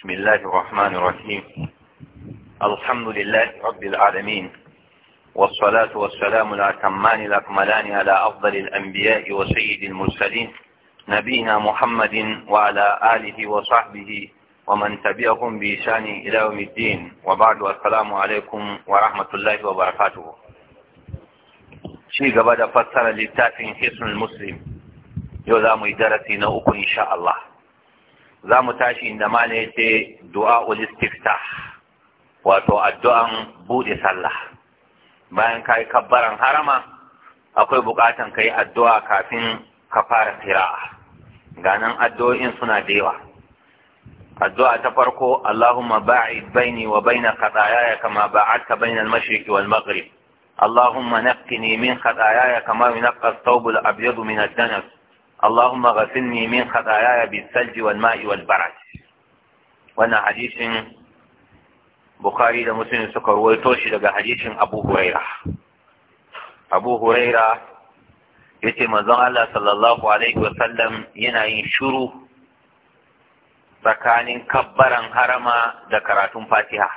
بسم الله الرحمن الرحيم الحمد لله رب العالمين والصلاة والسلام الأتمان الأكملان على أفضل الأنبياء وسيد المرسلين نبينا محمد وعلى آله وصحبه ومن تبعهم بإسان إلى يوم الدين وبعد السلام عليكم ورحمة الله وبركاته شيء قبل فترة للتافين حسن المسلم يوزام درسنا أكو إن شاء الله za mu tashi inda ma ne ce du'a ulistiftah wato addu'an buɗe sallah bayan ka yi kabbaran harama akwai buƙatan ka yi addu'a kafin ka fara fira'a ganin addu'o'in suna da yawa addu'a ta farko Allahumma ba'id baini wa baina khataayaya kama ba'adta baina al mashriq wal maghrib Allahumma naqqini min khataayaya kama yunqqa ath-thawb al-abyad min ad-danas اللهم غسلني من خطاياي بالثلج والماء والبرد وانا حديث بخاري da muslim suka ruwaito shi daga hadisin Abu Huraira Abu Huraira yace manzon Allah sallallahu alaihi wasallam yana yin shuru tsakanin kabbaran harama da karatun Fatiha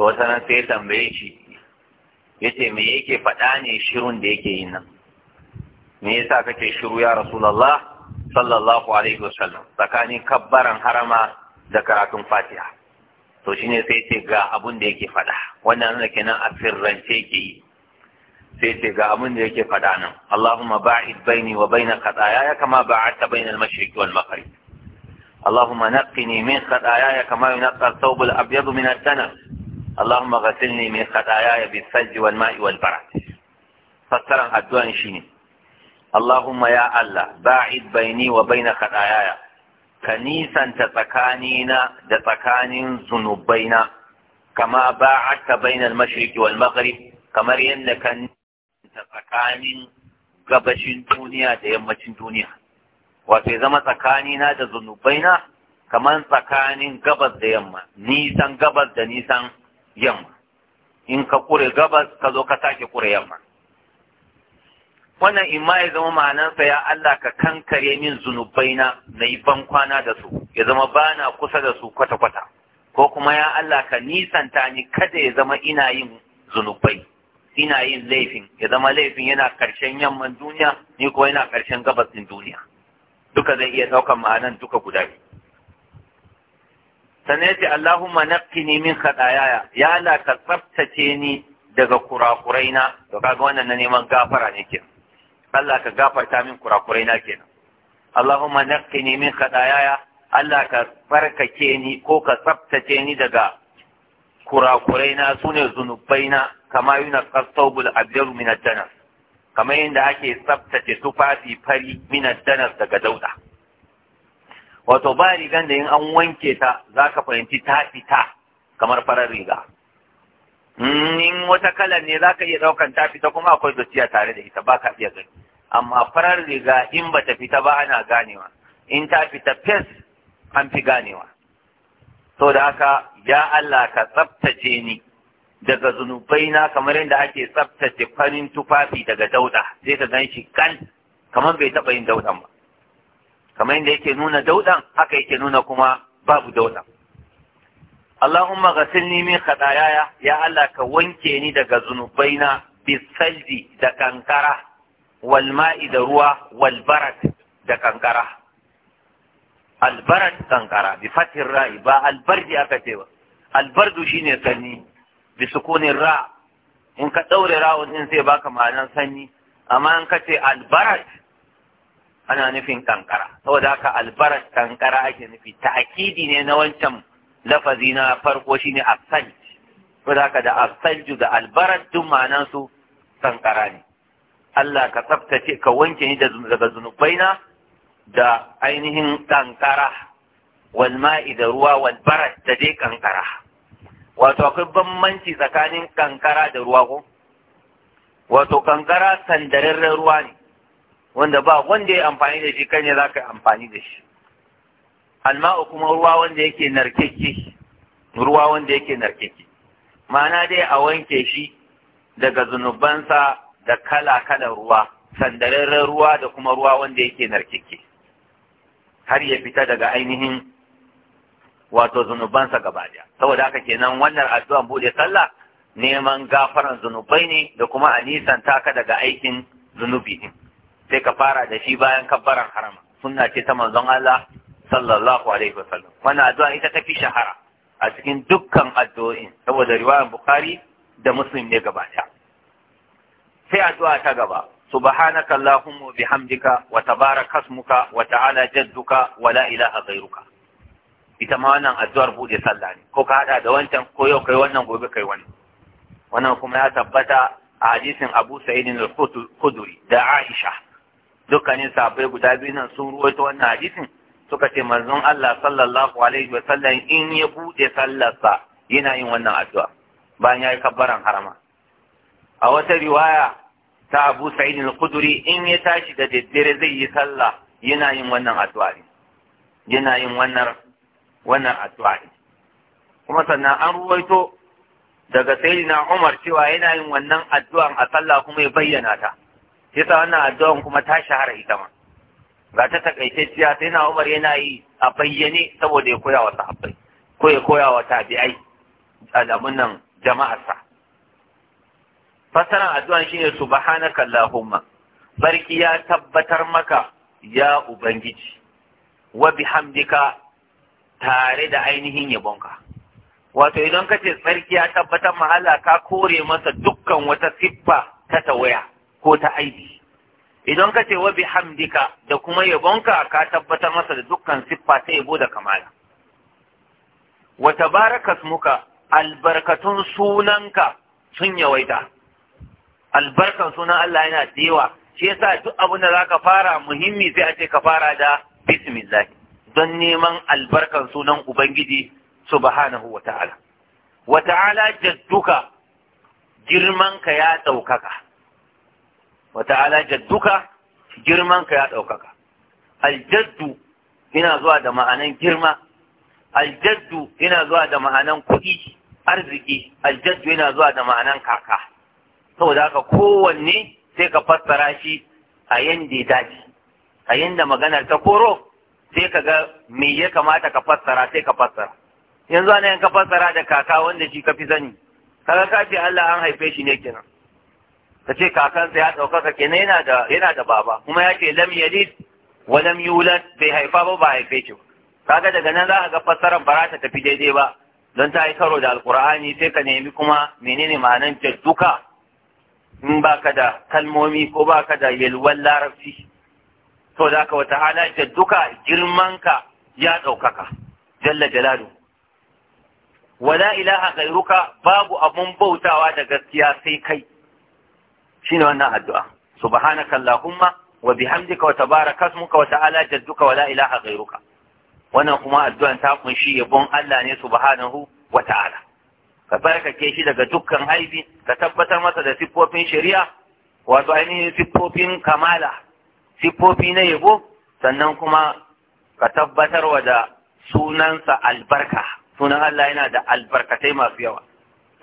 to wata sai tambaye shi yace me yake faɗa ne shirun da yake yin nan me yasa kake shiru ya rasulullah sallallahu alaihi wasallam tsakanin kabbaran harama da karatun fatiha to shine sai ce ga abun da yake faɗa wannan nuna kenan a sirrance yake yi sai ce ga abun da yake faɗa nan Allahumma ba'id baini wa baina khataaya kama ba'adta baina al-mashriqi wal maghrib اللهم نقني من خطاياي كما ينقى الثوب الابيض من الدنس اللهم غسلني من خطاياي mai والماء والبرد فسرن addu'an shine Allahumma ya Allah ba'id baini wa baina khataaya ka nisanta tsakanina da tsakanin zunubaina kama ba'adta bainal mashriqi wal maghrib kamar yadda ka nisanta tsakanin gabashin duniya da yammacin duniya wato zama tsakanina da zunubaina kamar tsakanin gabas da yamma nisan gabas da nisan yamma in ka kure gabas ka zo ka sake kure yamma wannan in ma ya zama ma'anansa ya Allah ka kankare min zunubai na yi bankwana da su ya zama bana kusa da su kwata-kwata ko kuma ya Allah ka nisanta ni kada ya zama ina yin zunubai ina yin laifin ya zama laifin yana karshen yamman duniya ni ko yana karshen gabasin duniya duka zai iya ɗaukar ma'anan duka guda biyu sannan ya ce Allahumma naqqini min khataayaya ya Allah ka tsaftace ni daga kurakurai na, to kaga wannan na neman gafara ne kenan Allah ka gafarta min kurakurai na kenan Allahumma naqqini min khataaya Allah ka barkake ni ko ka tsaftace ni daga kurakurai na sune zunubai na kama yuna qasawbul abdaru min ad-danas kamar yadda ake tsaftace tufafi fari min ad-danas daga dauda wato ba rigan da in an wanke ta zaka fahimci ta fita kamar farar riga in wata kalar ne zaka iya daukan ta fita kuma akwai dotiya tare da ita baka iya gani amma farar riga in ba ta fita ba ana ganewa in ta fita fes an fi ganewa to da haka ya Allah ka tsaftace ni daga zunubai na kamar yadda ake tsaftace farin tufafi daga dauda sai ka gan kan kamar bai taɓa yin daudan ba kamar yadda yake nuna daudan haka yake nuna kuma babu daudan Allahumma ghasilni min khataaya ya Allah ka wanke ni daga zunubaina bisalji da kankara Walma'i da ruwa walbarat da kankara Albarat kankara bi fatin ra'i ba al aka ce ba al shi ne sanyi bi sukunin ra in ka daure ra'un din sai baka ma'anar sanyi amma in ka ce albarat ana nufin kankara saboda haka albarat kankara ake nufi ta'kidi ne na wancan lafazi na farko shine asalj saboda haka da asalju da albarat duk ma'anan su kankara ne Allah ka tsaftace ka wanke ni daga zunubai na da ainihin kankara wal ma'i da ruwa wal baras da dai kankara wato akwai bambanci tsakanin kankara da ruwa ko wato kankara sandararren ruwa ne wanda ba wanda ya amfani da shi kan ya za ka amfani da shi alma'u kuma ruwa wanda yake narkeke ruwa wanda yake narkeke ma'ana dai a wanke shi daga zunubansa da kala-kalan ruwa sandararren ruwa da kuma ruwa wanda yake narkeke har ya fita daga ainihin wato zunubansa gaba daya saboda haka kenan wannan addu'an bude sallah neman gafaran zunubai ne da kuma a nisanta ka daga aikin zunubi din sai ka fara da shi bayan kabbaran harama sunna ce ta manzon Allah sallallahu alaihi wasallam wannan addu'a ita ta fi shahara a cikin dukkan addu'o'in saboda riwayar bukhari da muslim ne gaba sai addu'a ta gaba subhanaka allahumma bihamdika wa tabaraka ismuka wa ta'ala jadduka wa la ilaha ghayruka ita ma wannan addu'ar bude sallah ne ko ka hada da wancan ko yau kai wannan gobe kai wannan wannan kuma ya tabbata a hadisin Abu Sa'id al-Khudri da Aisha dukkanin sahabbai guda biyu nan sun ruwaito wannan hadisin suka ce manzon Allah sallallahu alaihi wa sallam in ya bude sallarsa yana yin wannan addu'a bayan ya yi kabbaran harama a wata riwaya ta Abu Sa'id al-Khudri in ya tashi da daddare zai yi sallah yana yin wannan addu'a yana yin wannan wannan addu'a kuma sannan an ruwaito daga sayyidina Umar cewa yana yin wannan addu'ar a sallah kuma ya bayyana ta yasa wannan addu'ar kuma ta shahara ita ma ga ta takaitacciya sai Umar yana yi a bayyane saboda ya koya wa sahabbai ko ya koya wa tabi'ai al'amun nan jama'arsa fasaran addu'an shine subhanaka allahumma barki ya tabbatar maka ya ubangiji wa bihamdika tare da ainihin yabonka wato idan kace tsarki ya tabbatar ma ka kore masa dukkan wata siffa ta tawaya ko ta aibi idan kace wa bihamdika da kuma yabonka ka tabbatar masa da dukkan siffa ta yabo da kamala Wata barakas muka albarkatun sunanka sun yawaita albarkan sunan Allah yana da yawa shi yasa duk abin da zaka fara muhimmi sai a ce ka fara da bismillah don neman albarkan sunan ubangiji subhanahu wa ta'ala wa ta'ala jadduka ya girmanka ya ɗaukaka aljaddu yana zuwa da ma'anan girma aljaddu yana zuwa da ma'anan kuɗi arziki aljaddu yana zuwa da ma'anan kaka saboda haka kowanne sai ka fassara shi a yanda ya dace a yanda maganar ta koro sai ka ga me ya kamata ka fassara sai ka fassara yanzu ana yanka fassara da kaka wanda shi ka fi sani kaga ka ce Allah an haife shi ne kenan ka ce kakansa ya ɗaukaka kenan yana da yana da baba kuma ya ce lam yalid wa lam yulad bai haifa ba ba haife shi kaga daga nan za a ga fassarar ba ta tafi daidai ba don ta yi karo da alkur'ani sai ka nemi kuma menene ma'anar duka in baka da kalmomi ko baka da yalwan larabci to za ka wata halatta duka girmanka ya ɗaukaka jalla jalalu wala ilaha gairuka babu abun bautawa da gaskiya sai kai shine wannan addu'a subhanaka allahumma wa bihamdika wa tabaraka wa ta'ala jadduka wala ilaha gairuka wannan kuma addu'an ta kunshi yabon Allah ne subhanahu wa ta'ala ka tsarkake shi daga dukkan haifi ka tabbatar masa da siffofin shari'a wato ainihin siffofin kamala siffofi na yabo sannan kuma ka tabbatar wa da sunansa albarka sunan Allah yana da albarkatai masu yawa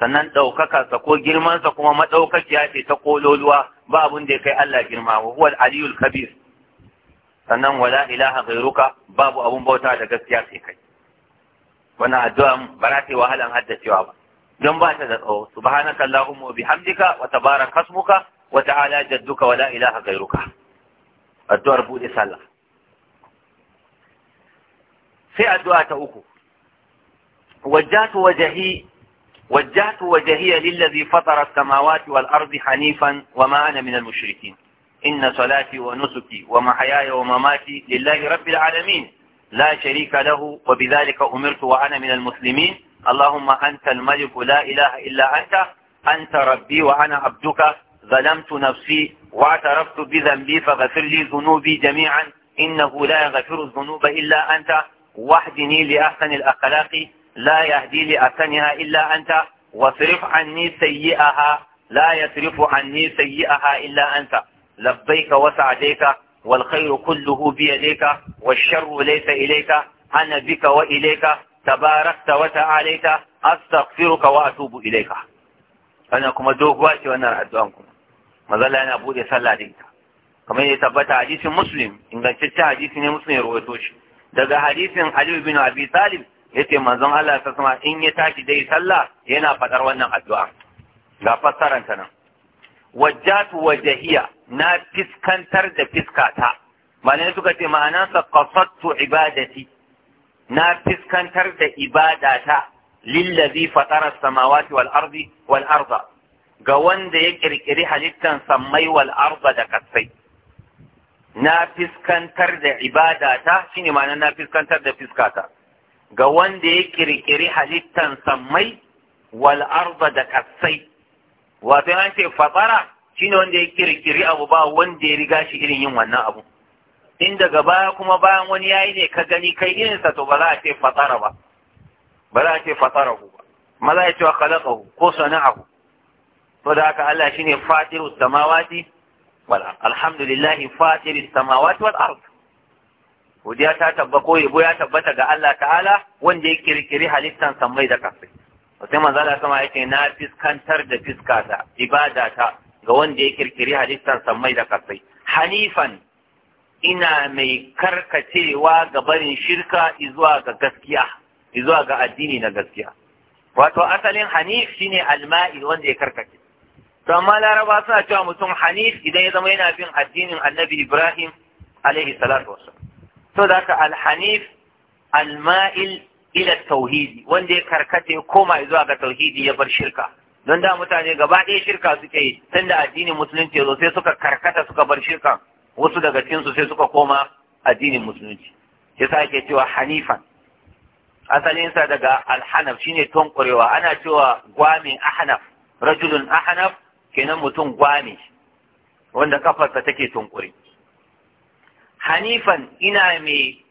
sannan ɗaukakarsa ko girmansa kuma maɗaukakiya ce ta kololuwa ba abin da ya kai Allah girma wa huwa aliyul kabir sannan wala ilaha ghairuka babu abun bauta da gaskiya sai kai wannan addu'a ba za ta yi wahalan haddacewa ba don ba ta da tsawo subhanaka allahumma wa bihamdika wa tabarak hasmuka wa ta'ala jadduka wa la ilaha ghayruka addu'ar bude sallah sai addu'a ta uku wajjatu wajhi wajjatu wajhi fatara as-samawati wal ardi hanifan wa ma ana min al-mushrikin inna salati wa nusuki wa mahyaya wa mamati lillahi rabbil alamin la sharika lahu wa bidhalika umirtu wa ana min al-muslimin اللهم أنت الملك لا إله إلا أنت أنت ربي وأنا عبدك ظلمت نفسي واعترفت بذنبي فغفر لي ذنوبي جميعا إنه لا يغفر الذنوب إلا أنت واهدني لأحسن الأخلاق لا يهدي لأحسنها إلا أنت واصرف عني سيئها لا يصرف عني سيئها إلا أنت لبيك وسعديك والخير كله بيديك والشر ليس إليك أنا بك وإليك tabarakta wata ta'alaita astaghfiruka wa atubu ilaika ana kuma doguwa ce wannan addu'an ku. mazalla yana bude sallah da ita kamar ya tabbata hadisin muslim ingantaccen hadisi ne muslim ya rawaito shi daga hadisin ali bin abi talib yace manzon Allah ta sama in ya tashi dai sallah yana fadar wannan addu'a ga fassaran ta nan wajjatu wajhiya na fiskantar da fiskata malai suka ce ma'anarsa qasattu ibadati na fiskantar da ibadata lillazi fatara samawati wal ardi wal arda ga wanda ya kirkiri halittan sammai wal arda da kasai na fiskantar da ibadata shine ma'ana na fiskantar da fiskata ga wanda ya kirkiri halittan sammai wal arda da kasai wato an ce fatara shine wanda ya kirkiri abu ba wanda ya riga shi irin yin wannan abu in daga baya kuma bayan wani yayi ne ka gani kai irinsa to ba za a ce fatara ba ba za a ce fatarahu ba ma za a ce wa khalaqahu ko sana'ahu to da haka Allah shine fatiru samawati wal alhamdulillah fatiru samawati wal ard godiya ta tabba ko yabo ya tabbata ga Allah ta'ala wanda ya kirkiri halittan sammai da kasai sai manzo Allah sama yake na fiskantar da fiskata ibadata ga wanda ya kirkiri halittan sammai da kasai hanifan ina mai karkacewa ga barin shirka izuwa ga gaskiya izuwa ga addini na gaskiya wato asalin hanif shine alma'i wanda ya karkace to amma laraba suna cewa mutum hanif idan ya zama yana bin addinin annabi ibrahim alaihi salatu wasu to da haka alhanif alma'il ila tauhidi wanda ya karkace koma zuwa ga tauhidi ya bar shirka don da mutane gaba ɗaya shirka suke yi tun da addinin musulunci ya zo sai suka karkata suka bar shirka wasu daga cikin su sai suka koma addinin musulunci yasa ake cewa hanifan asalinsa daga alhanaf shine tonkurewa ana cewa gwamin ahnaf rajulun ahnaf kenan mutum gwami wanda kafarsa take tunkure hanifan ina mai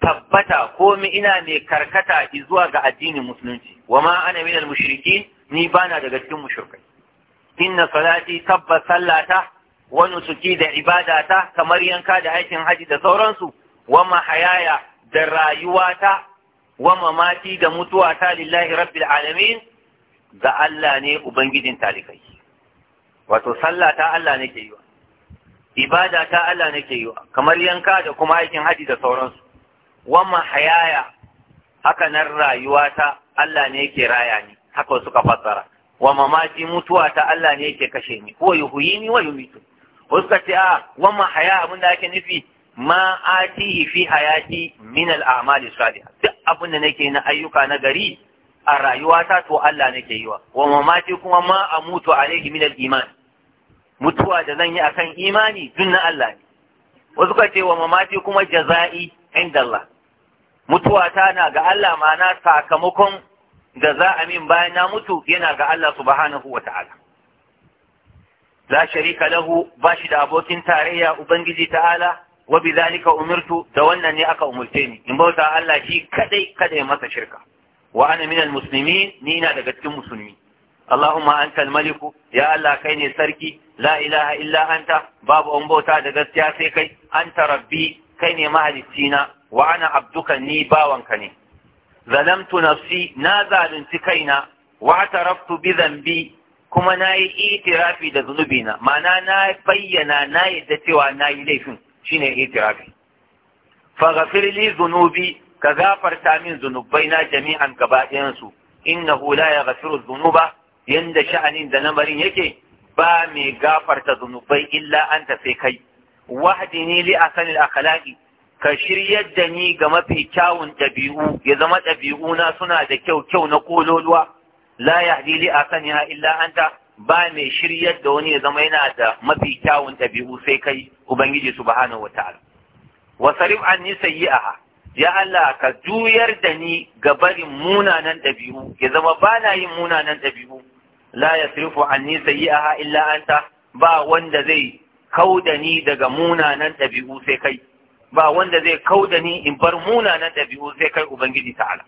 tabbata ko ina mai karkata zuwa ga addinin musulunci wa ma ana minal mushriki ni bana daga cikin mushrikai inna salati tabbas sallata wa nusuki da ibadata kamar yanka da aikin haji da sauransu wa mahayaya da rayuwata wa mamati da mutuwata lillahi rabbil alamin Allah ne ubangijin talikai wato sallah ta Allah nake yi ibada ta Allah nake yi kamar yanka da kuma aikin haji da sauransu wa mahayaya haka nan rayuwata Allah ne yake raya ni haka suka fassara wa mamati mutuwa ta Allah ne yake kashe ni huwa wasu ce a ah, wannan haya abin da ake nufi ma a fi hayati min al'amali salih duk abin da nake na ayyuka na gari a rayuwata to Allah nake yi wa wa mamati kuma ma a mutu alaihi min al-iman mutuwa da zan yi akan imani dun na Allah ne wasu ka ce wa kuma jaza'i inda Allah mutuwa ta na ga Allah ma'ana sakamakon da za a min bayan na mutu yana ga Allah subhanahu wa ta'ala la Kalahu lahu ba shi da abokin tarayya ubangiji ta ta'ala wa bidhalika umartu da wannan ne aka umarce ni in bauta Allah shi kadai kada ya masa shirka Wa'ana ana minal muslimin ni ina daga cikin musulmi Allahumma antal maliku ya Allah kai ne sarki la ilaha illa babu an bauta da gaskiya sai kai anta rabbi kai ne mahalicina wa ana abduka ni bawanka ne zalamtu nafsi na zalunci kaina wa ataraftu bi dhanbi kuma na yi itirafi da zunubina ma'ana na bayyana na yadda cewa na yi laifin shine itirafi faghfir li zunubi ka gafarta min zunubai na jami'an gaba ɗayansu hula ya yaghfiru zunuba yanda sha'anin da lamarin yake ba mai gafarta zunubai illa an sai kai wahdini li asanil akhlaqi ka shiryar da ni ga mafi kyawun ɗabi'u ya zama ɗabi'una suna da kyau kyau na kololuwa la ya a li asaniha illa anta ba mai shiryar da wani ya zama yana da mafi kyawun ɗabi'u sai kai ubangiji subhanahu wataala wa sarif anni sayyi'aha ya Allah ka juyar da ni ga barin munanan ɗabi'u ya zama ba na yin munanan ɗabi'u la yasrifu anni sayyi'aha illa anta ba wanda zai kau ni daga munanan ɗabi'u sai kai ba wanda zai kau da ni in bar munanan ɗabi'u sai kai ubangiji ta'ala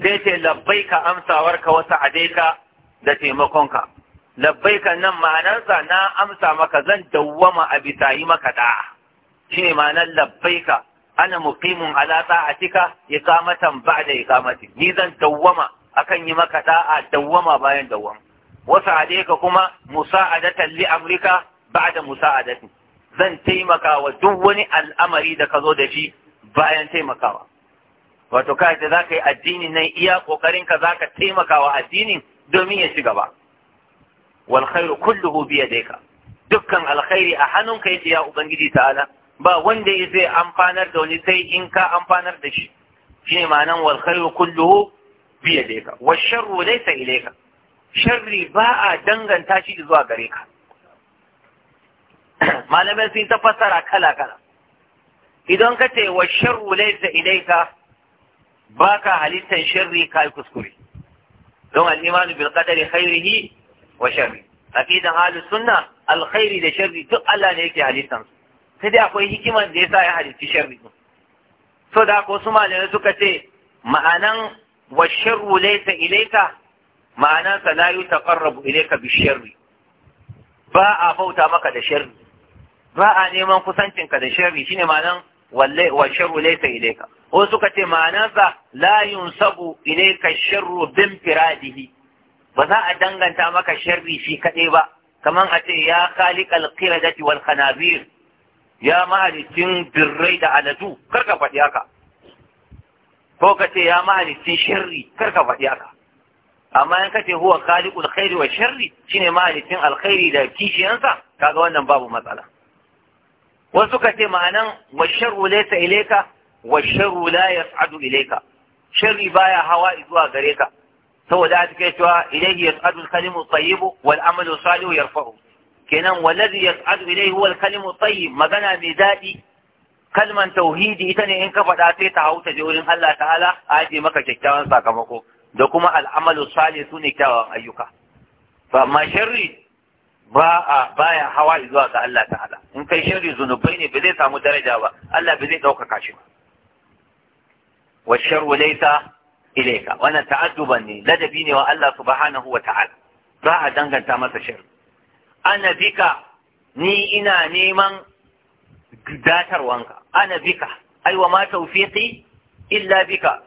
sai ce labbaika amsawarka wata adaika da taimakonka labbaika nan ma'anarsa na amsa maka zan dawwama a bisa yi maka da'a shine ma'anar labbaika ana muqimun ala ta'atika da ba'da iqamati ni zan dawwama akan yi maka da'a dawwama bayan dawwama wasa adaika kuma musa'adatan li amrika da musa'adati zan taimaka wa duk wani al'amari da ka zo da shi bayan taimakawa wato kai da zaka yi addini nan iya kokarin ka zaka taimaka wa addinin domin ya ci gaba wal khairu kulluhu bi yadayka dukkan alkhairi a hannunka yake ya ubangiji ta'ala ba wanda ya zai amfanar da wani sai in ka amfanar da shi shine ma'anan wal khairu kulluhu bi yadayka Wa sharru laysa ilayka sharri ba a danganta shi zuwa gare ka malamai sun ta fassara kala kala idan ka ce wa sharru laysa ilayka ba ka halittan sharri ka yi kuskure don al'imanu bil qadari khairihi wa sharri aqidan ahlus sunna alkhairi da sharri duk Allah ne yake halittan su sai dai akwai hikiman da yasa ya halitta sharri din so da ko su malamai suka ce ma'anan wa sharru laysa ilayka ma'anan sa la yutaqarrabu ilayka bi sharri ba a bauta maka da sharri ba a neman kusancinka da sharri shine ma'anan wa sharru laysa ilayka ko suka ce ma'anarsa la yunsabu ilayka sharru bin firadihi ba za a danganta maka sharri shi kaɗai ba kaman a ce ya khaliqal qiradati wal khanabir ya mahalicin birrai da aladu kar ka faɗi haka ko ka ce ya mahalicin sharri kar ka faɗi haka amma in ka ce huwa khaliqul khairi wa sharri shine mahalicin alkhairi da kishiyansa kaga wannan babu matsala wasu ka ce ma'anan wa sharu laysa ilayka wa sharru la yas'adu ilayka sharri baya hawa zuwa gare ka saboda haka kai cewa ilayhi yas'adu al-kalimu tayyibu wal amalu salihu yarfa'u kenan wallazi yas'adu ilayhi huwa kalimu tayyib magana mai daɗi kalman tauhidi ita ne in ka faɗa sai ta hauta je wurin Allah ta'ala a je maka kyakkyawan sakamako da kuma al'amalu salih sune kyawawan ayyuka fa amma sharri ba a baya hawa zuwa ga Allah ta'ala in kai shirri zunubai ne ba zai samu daraja ba Allah ba zai ɗaukaka shi ba wa sharru laysa ilayka wannan ta'adduban ne ladabi ne wa Allah subhanahu wa ta'ala ba a danganta masa sharri ana bika ni ina neman datarwanka ana bika ai wa ma tawfiqi illa bika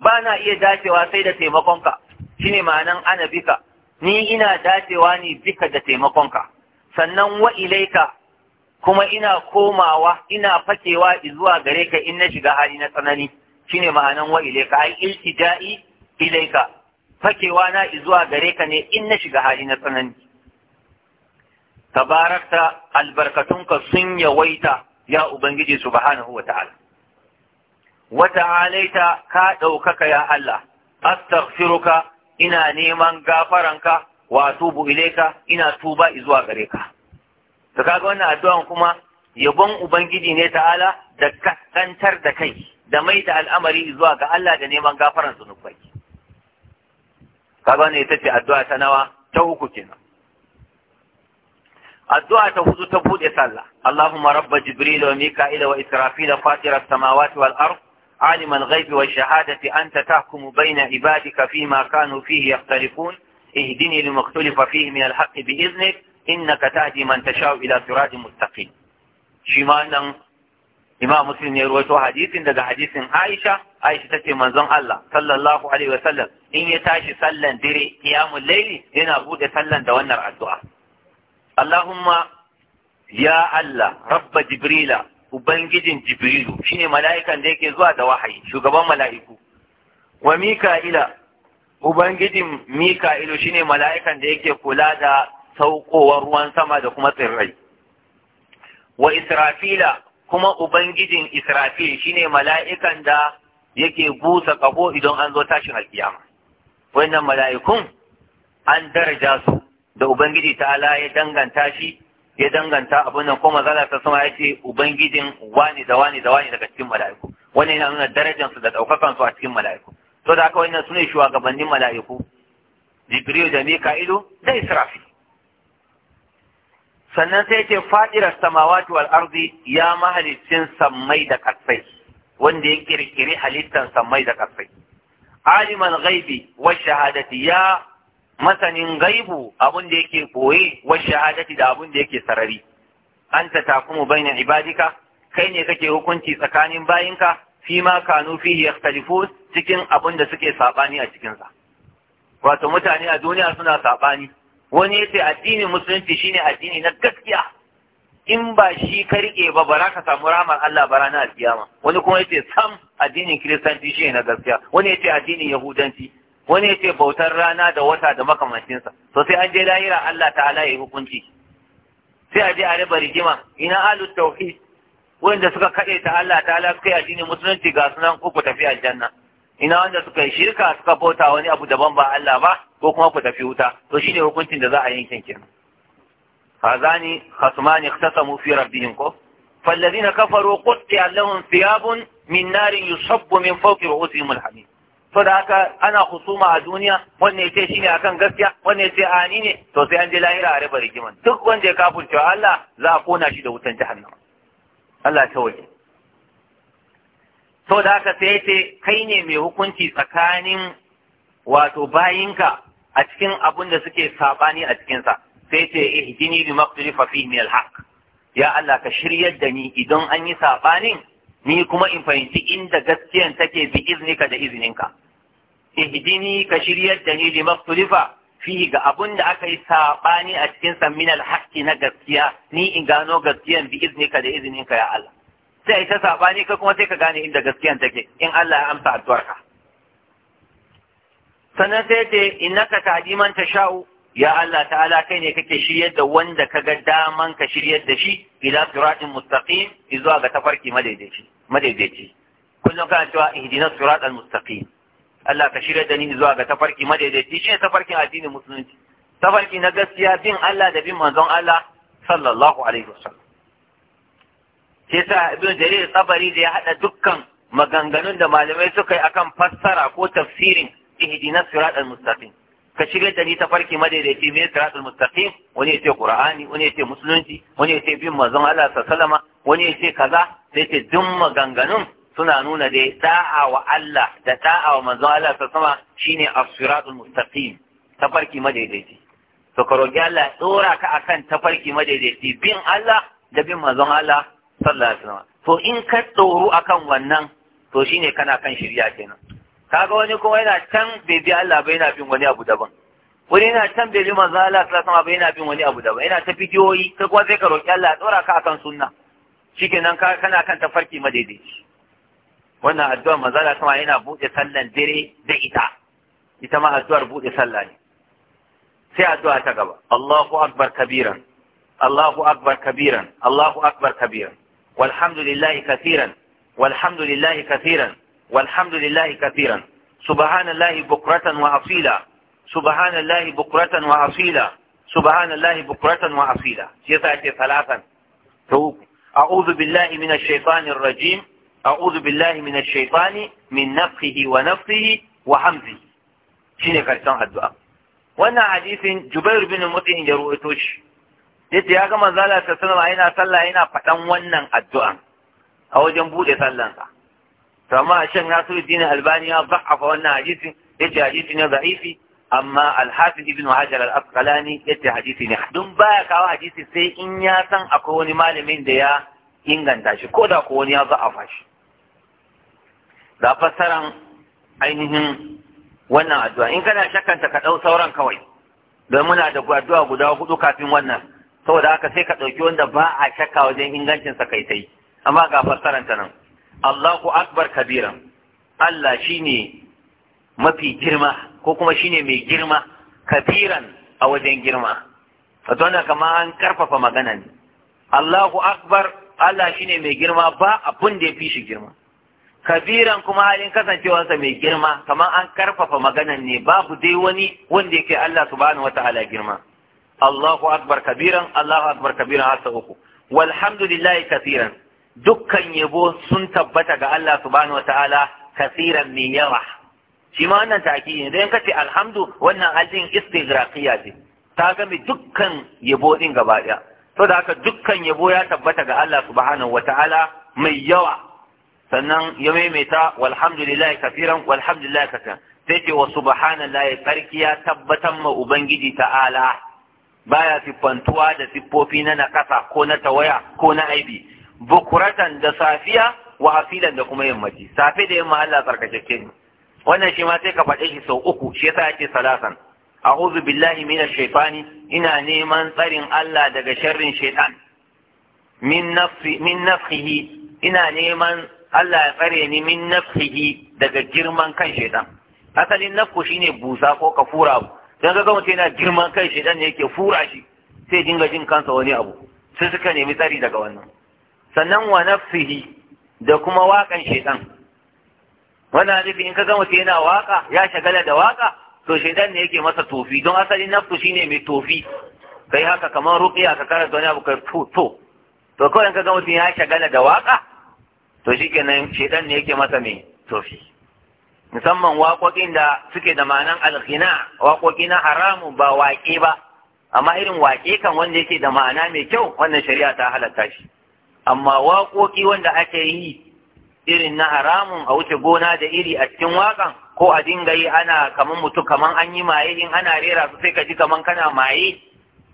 ba na iya dacewa sai da taimakonka shine ma'anan ana bika ni ina dacewa ne bika da taimakonka sannan wa ilaika kuma ina komawa ina fakewa zuwa gare ka in na shiga hali na tsanani shine ma'anan wa ilaika ai iltija'i ilaika fakewa na zuwa gare ka ne in na shiga hali na tsanani tabarakta albarkatunka sun yawaita ya ubangiji subhanahu wa ta'ala wa ka ɗaukaka ya Allah astaghfiruka ina neman gafaranka wa tubu ileka, ina tuba izuwa gare ka to kaga wannan addu'an kuma yabon ubangiji ne ta'ala da kaskantar da kai da mai da al'amari zuwa ga Allah da neman gafaran zunubai kaga wannan ita ce addu'a ta nawa ta uku kenan الدعاء تفوز تفوز صلى اللهم wa جبريل da وإسرافيل samawati wal والأرض عالم الغيب والشهادة أنت تحكم بين عبادك فيما كانوا فيه يختلفون اهدني لما اختلف فيه من الحق بإذنك إنك تهدي من تشاء إلى صراط مستقيم شما أن إمام مسلم يروي حديث دقى حديث عائشة عائشة تتي منزون الله صلى الله عليه وسلم إن يتاشي صلى دري قيام الليل إن أبود صلى دونر الدعاء اللهم يا الله رب جبريل ubangijin jibrilu shine mala'ikan da yake zuwa da wahayi shugaban mala'iku wa mika'ila ubangijin mika'ilu shine mala'ikan da yake kula da saukowar ruwan sama da kuma tsirrai wa israfila kuma ubangijin israfil shine mala'ikan da yake busa kabo idan an zo tashin alkiyama wannan mala'ikun an daraja su da ubangiji ta ya danganta shi ya danganta abin nan kuma zala ta sama ya ce ubangijin wani da wani da wani daga cikin mala'iku wani yana nuna darajansu da su a cikin mala'iku to da haka wannan su ne shugabannin mala'iku jibril da mika'ilu da israfil sannan sai ce fadira samawati wal arzi ya mahalicin samai da kasai wanda ya kirkiri halittar sammai da kasai aliman ghaibi wa shahadati ya masanin gaibu abun da yake koye wa shahadati da abun da yake sarari anta takumu bainal ibadika kai ne kake hukunci tsakanin bayinka fi ma kanu fihi yakhtalifun cikin abun da suke sabani a cikin sa wato mutane a duniya suna sabani wani yace addinin musulunci shine addini na gaskiya in ba shi ka rike ba bara ka samu rahmar Allah ba ranar alkiyama wani kuma yace sam addinin kiristanci shine na gaskiya wani yace addinin yahudanci wani yace bautar rana da wata da makamancinsa to sai an je lahira Allah ta'ala ya hukunci sai a je a raba rigima ina ahlus tauhid wanda suka kade ta Allah ta'ala suka yi addini musulunci ga sunan ku ku tafi aljanna ina wanda suka yi shirka suka bauta wani abu daban ba Allah ba ko kuma ku tafi wuta to shine hukuncin da za a yankin kin hazani khasman ikhtasamu fi rabbihim ko فالذين كفروا قطع لهم ثياب من نار يصب من فوق رؤوسهم الحميم To da haka ana husuma a duniya wanne ya ce shi ne akan gaskiya wanne ya ce a ni ne to sai an je lahira a rabar rigiman duk wanda ya cewa Allah za a kona shi da wutan jahannama Allah ta waje To da haka sai ce kai ne mai hukunci tsakanin wato bayinka a cikin abun da suke sabani a cikin sa sai ce ihdini bi fa fihi min alhaq ya Allah ka shiryar da ni idan an yi sabanin ni kuma in fahimci inda gaskiyan take bi iznika da izinin ka. ihdini ka shiryar da ni limakturifa fihi ga abun da aka yi saɓani a cikin min alhaqqi na gaskiya ni in gano gaskiyan bi iznika da izininka ya Allah sai ta saɓani ka kuma sai ka gane inda gaskiyan take in Allah ya amsa addu'arka sannan sai ce innaka tahdi man tasha'u ya Allah ta'ala kai ne kake shiryar da wanda ka ga daman ka shiryar da shi ila siratin mustaqim zuwa ga tafarki madaidaici madaidaici kullum kana cewa ihdinas siratal mustaqim Allah ka shirya da ni zuwa ga tafarki madaidaici shi ne tafarkin addinin musulunci tafarki na gaskiya bin Allah da bin manzon Allah sallallahu alaihi wasallam Ke sa ibn jarir tsabari da ya hada dukkan maganganun da malamai suka yi akan fassara ko tafsirin ihdina siratal mustaqim ka shirya da ni tafarki madaidaici me siratal mustaqim wani ya ce qur'ani wani ya ce musulunci wani ya ce bin manzon Allah sallallahu alaihi wasallam wani ya ce kaza sai ce duk maganganun suna nuna da da'a wa Allah da da'a wa manzon Allah ta sama shine as-siratul mustaqim tafarki madaidaici to ka roki Allah ya dora ka akan tafarki madaidaici bin Allah da bin manzon Allah sallallahu alaihi wasallam to in ka tsoro akan wannan to shine kana kan shirya kenan kaga wani kuma yana can bai bi Allah ba yana bin wani abu daban wani yana can bai bi manzon Allah sallallahu alaihi wasallam ba yana bin wani abu daban yana ta bidiyoyi kai kuma sai ka roki Allah ya dora ka akan sunna shikenan kana kan tafarki madaidaici wannan addu'ar manzo manzala kuma yana buɗe sallan dare da ita ita ma addu'ar buɗe sallah ne sai addu'a ta gaba Allahu akbar kabiran Allahu akbar kabiran Allahu akbar kabiran walhamdulillahi kafiran walhamdulillahi kafiran walhamdulillahi kafiran subhanallahi bukratan wa asila subhanallahi bukratan wa asila subhanallahi bukratan wa asila shi yasa ake salatan to a'udhu billahi minash shaitanir rajim a'udhu billahi minash shaitani min nafsihi wa nafsihi wa hamzihi shine karshen addu'a wannan hadisin jubairu bin Mut'im ya ruwaito shi yace ya ga manzo Allah sallallahu alaihi yana sallah yana faɗan wannan addu'a a wajen bude sallansa to amma shan Nasiruddin Albani ya dha'afa wannan hadisin yace hadisi ne da'ifi amma Al-Hafiz Ibn Hajar Al-Asqalani yace hadisi ne dun baya kawo hadisi sai in ya san akwai wani malamin da ya inganta shi ko da ko wani ya za'afa shi ga fassaran ainihin wannan addu'a in kana shakkanta ka ɗau sauran kawai don muna da addu'a guda hudu kafin wannan saboda haka sai ka ɗauki wanda ba a shakka wajen ingancin sa kai tai amma ga fassaran ta nan Allahu akbar kabiran Allah shine mafi girma ko kuma shine mai girma kabiran a wajen girma wato wannan kamar an karfafa magana ne Allahu akbar Allah shine mai girma ba abun da ya fi shi girma kabiran kuma halin kasancewarsa mai girma kamar an karfafa maganan ne babu dai wani wanda yake Allah subhanahu wataala girma Allahu akbar kabiran Allahu akbar kabiran har sa uku walhamdulillahi kasiran dukkan yabo sun tabbata ga Allah subhanahu wataala kasiran mai yawa shi ma wannan ta'kidi ne dan kace alhamdu wannan aljin istighraqiya ce ta game dukkan yabo din gaba daya to haka dukkan yabo ya tabbata ga Allah subhanahu wataala mai yawa sannan ya maimaita walhamdulillahi kafiran walhamdulillahi kafiran sai ce wa subhanallahi sarki ya tabbatar ma ubangiji ta'ala baya siffantuwa da siffofi na nakasa ko na tawaya ko na aibi bukuratan da safiya wa afilan da kuma yammaci safe da yamma Allah tsarkakeke ne wannan shi ma sai ka faɗe shi sau uku shi yasa yake salasan a'udhu billahi minash shaitani ina neman tsarin Allah daga sharrin shaitan min nafsi min nafsihi ina neman Allah ya tsare ni min nafsihi daga girman kan shaitan asalin nafku shine busa ko ka fura abu dan ga gama yana girman kan shaitan ne yake fura shi sai dinga jin kansa wani abu sai suka nemi tsari daga wannan sannan wa nafsihi da kuma waƙan shaitan wannan hadisi in ka gama mutum yana waka ya shagala da waka to shaitan ne yake masa tofi don asalin nafku shine mai tofi kai haka kamar ruqiya ka karanta wani abu ka to to to kawai in ka gama mutum ya shagala da waka to shikenan shedan ne yake masa mai tofi musamman waƙoƙin da suke da ma'anan alghina waƙoƙi na haramun ba waƙe ba amma irin waƙe kan wanda yake da ma'ana mai kyau wannan shari'a ta halatta shi amma waƙoƙi wanda ake yi irin na haramun a wuce gona da iri a cikin waƙan ko a dinga yi ana kaman mutu kaman an yi maye in ana rera su sai ka ji kaman kana maye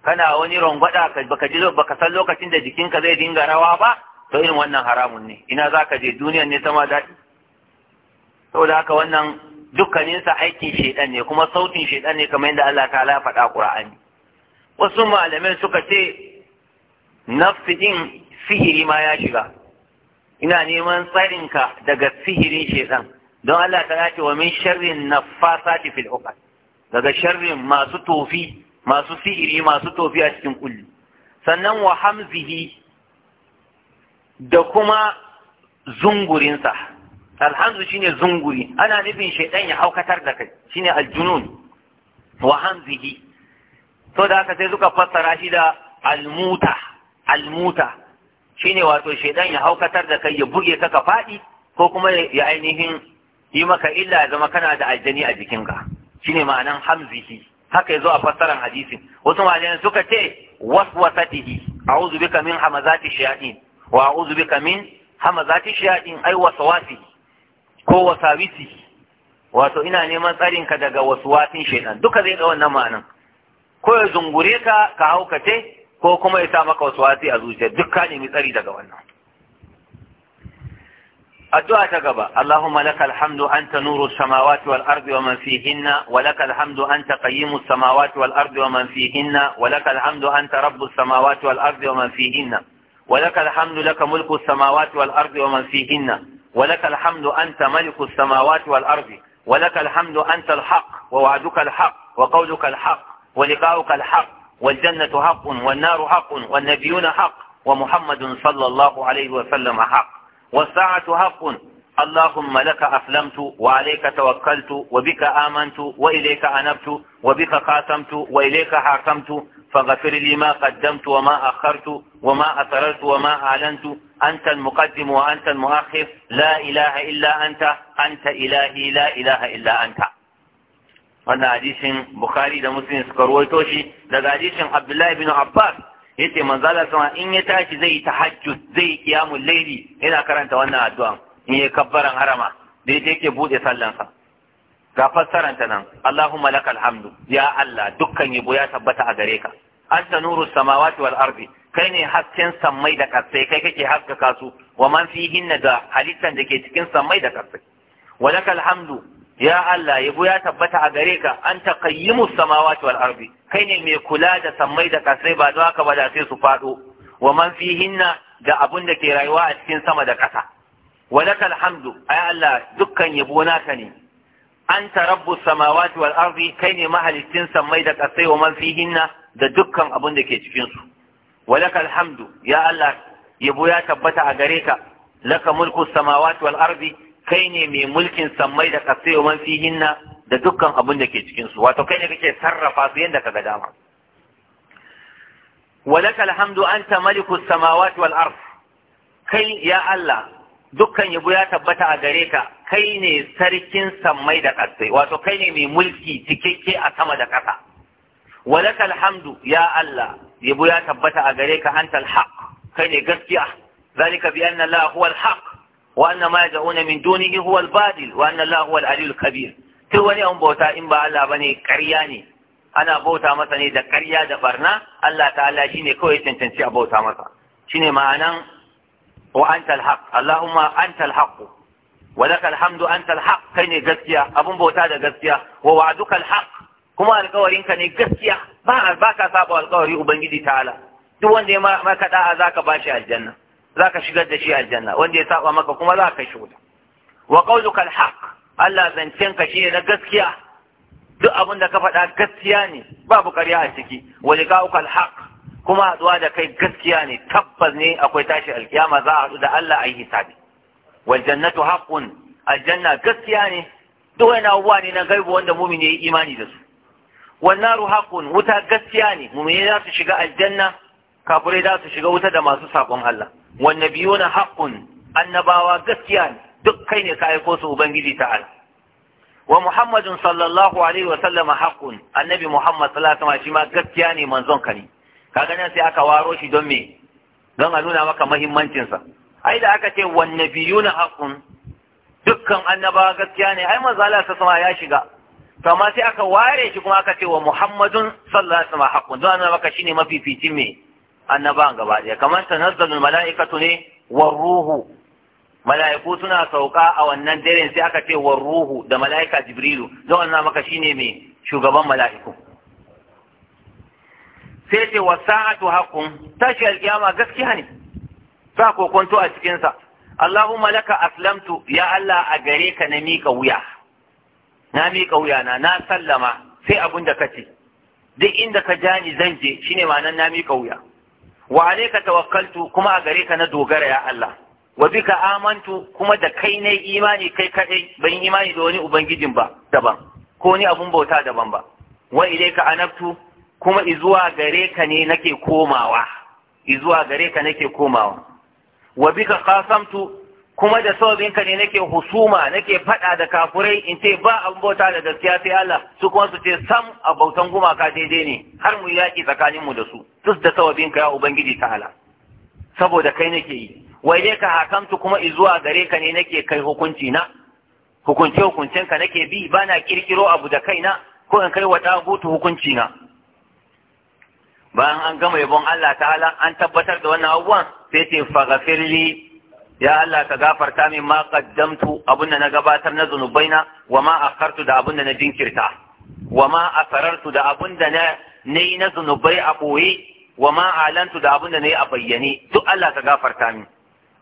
kana wani rangwada baka ji baka san lokacin da jikinka zai dinga rawa ba to irin wannan haramun ne ina za ka je duniyan ne ma daɗi saboda haka wannan dukkaninsa aikin shaidan ne kuma sautin shaidan ne kamar yadda Allah ta ya faɗa Qur'ani wasu malamai suka ce nafsi din sihiri ma ya shiga ina neman tsarinka daga sihirin shaidan don Allah ta ce wa min sharrin nafasati fil uqad daga sharrin masu tofi masu sihiri masu tofi a cikin kulli sannan wa hamzihi da kuma zungurinsa alhanzu shine zunguri ana nufin shaidan ya haukatar da kai shine aljunun wa hanzihi to da haka sai suka fassara shi da almuta almuta shine wato shaidan ya haukatar da kai ya buge ka ka faɗi ko kuma ya ainihin yi maka illa ya zama kana da aljani a jikinka shine ma'anan hamzihi haka yazo a fassaran hadisin wasu malamai suka ce waswasatihi a'udhu bika min hamazati shayatin واعوذ بك من همزات الشياطين اي وسواسه ko wasawisi wato ina neman tsarinka daga wasuwasin shaitan duka zai da wannan ma'anan ko ya zungure ka ka haukace ko kuma ya sa maka wasuwasi a zuciya duka ne mai tsari daga wannan addu'a ta gaba Allahumma lakal hamdu anta nuru samawati wal ardi wa man fihinna wa lakal hamdu anta qayyimu samawati wal ardi wa man fihinna wa lakal hamdu anta rabbus samawati wal ardi wa man fihinna ولك الحمد لك ملك السماوات والأرض ومن فيهن ولك الحمد أنت ملك السماوات والأرض ولك الحمد أنت الحق ووعدك الحق وقولك الحق ولقاؤك الحق والجنة حق والنار حق والنبيون حق ومحمد صلى الله عليه وسلم حق والساعة حق اللهم لك أسلمت وعليك توكلت وبك آمنت وإليك أنبت وبك خاتمت وإليك حاكمت فغفر لي ما قدمت وما أخرت وما أسررت وما أعلنت أنت المقدم وأنت المؤخر لا إله إلا أنت أنت إلهي لا إله إلا أنت wannan hadisin bukhari da muslim suka ruwaito shi daga hadisin abdullahi bin abbas yace manzo Allah in ya tashi zai tahajjud zai qiyamul layli yana karanta wannan addu'a in ya kabbaran harama da yake yake bude ga fassaranta nan Allahumma lakal hamdu ya Allah dukkan yabo ya tabbata a gare ka anta nuru samawati wal ardi kai ne hasken sammai da kasai kai kake haskaka su wa man fihin da halittan da ke cikin sammai da kasai wa lakal hamdu ya Allah yabo ya tabbata a gare ka anta qayyimus samawati wal ardi kai ne mai kula da sammai da kasai ba za ka ba da sai su fado wa man fihin da abun da ke rayuwa a cikin sama da kasa wa lakal hamdu ay Allah dukkan yabo naka ne an tarabbu samawati wal ardi kai ne mahalicin sammai da kasai wa man da dukkan abin da ke cikin su walakal hamdu ya Allah yabo ya tabbata a gare ka laka mulku samawati wal ardi kai ne mai mulkin sammai da kasai wa man da dukkan abin da ke cikinsu? wato kai ne kake sarrafa su yadda ka ga dama walakal hamdu anta maliku samawati wal ardi kai ya Allah dukkan yabo ya tabbata a gare ka kai ne sarkin sammai da ƙasai wato kai ne mai mulki cikakke a sama da ƙasa walakal hamdu ya Allah yabo ya tabbata a gare ka antal haq kai ne gaskiya zalika bi anna Allah huwa al haq wa anna ma min dunihi huwa al badil wa anna Allah huwa al aliyul kabir kai wani an bauta in ba Allah bane ƙarya ne ana bauta masa ne da ƙarya da barna Allah ta'ala shine kawai cancanci a bauta masa shine ma'anan wa antal haq Allahumma antal haqq wa laka alhamdu anta alhaq kai ne gaskiya abun bauta da gaskiya wa wa'duka alhaq kuma alƙawarinka ne gaskiya ba ba ka saba alƙawari ubangiji ta'ala duk wanda ya maka da'a zaka shi aljanna ka shigar da shi aljanna wanda ya saba maka kuma zaka kai shi wuta wa qawluka alhaq Allah zancenka shine na gaskiya duk abin da ka faɗa gaskiya ne babu ƙarya a ciki wa liqa'uka alhaq kuma haɗuwa da kai gaskiya ne tabbas ne akwai tashi alkiyama za a haɗu da Allah a yi hisabi wal jannatu haqqun aljanna gaskiya ne duk wani abubuwa ne na gaibu wanda mumin ya yi imani da su wan naru haqqun wuta gaskiya ne mumin za su shiga aljanna kafirai za su shiga wuta da masu sakon Allah wan nabiyuna haqqun annabawa gaskiya ne duk kai ne ka aiko su ubangiji ta'ala wa muhammadun sallallahu alaihi wa sallama haqqun annabi muhammad sallallahu alaihi wa sallama shi ma gaskiya ne manzon ka ne kaga nan sai aka waro shi don me don a nuna maka muhimmancin sa ai da aka ce wanne biyu na haƙun dukkan annabawa gaskiya ne ai manzo Allah sama ya shiga to amma sai aka ware shi kuma aka ce wa Muhammadun sallallahu alaihi wasallam haƙun don annaba ka shine mafificin me annaban gaba daya kamar tanazzalul malaikatu ne war ruhu mala'iku suna sauka a wannan daren sai aka ce war ruhu da mala'ika jibrilu don annaba ka shine me shugaban mala'iku sai ce wa sa'atu haqqun tashi alƙiyama gaskiya ne ba kokonto a cikinsa Allahumma laka aslamtu ya Allah a gare ka na miƙa wuya na miƙa wuya na na sallama sai abin da kace duk inda ka ja ni zan je shine ma'anar na mika wuya wa alayka tawakkaltu kuma a gare ka na dogara ya Allah wa bika amantu kuma da kai ne imani kai kadai ban imani da wani ubangijin ba daban ko ni abun bauta daban ba wa ilayka anabtu kuma izuwa gare ka ne nake komawa izuwa gare ka nake komawa wa bika qasamtu kuma da sababinka ne nake husuma nake fada da kafurai in ce ba abin bauta da gaskiya sai Allah su kuma su ce sam a bautan gumaka daidai ne har mu yaki tsakanin mu da su duk da sababinka ya ubangiji ta ta'ala saboda kai nake yi wai dai ka hakamtu kuma izuwa gare ka ne nake kai hukunci na hukunce hukuncen ka nake bi bana kirkiro abu da kaina ko in kai wata butu hukunci na bayan an gama yabon Allah ta'ala an tabbatar da wannan abubuwan sai ce faghfirli ya Allah ka gafarta min ma qaddamtu abunda na gabatar na zunubaina wa ma akhartu da abunda na jinkirta wa ma asarartu da abunda na nayi na zunubai a boye wa ma alantu da abunda nayi a bayyane duk Allah ka gafarta min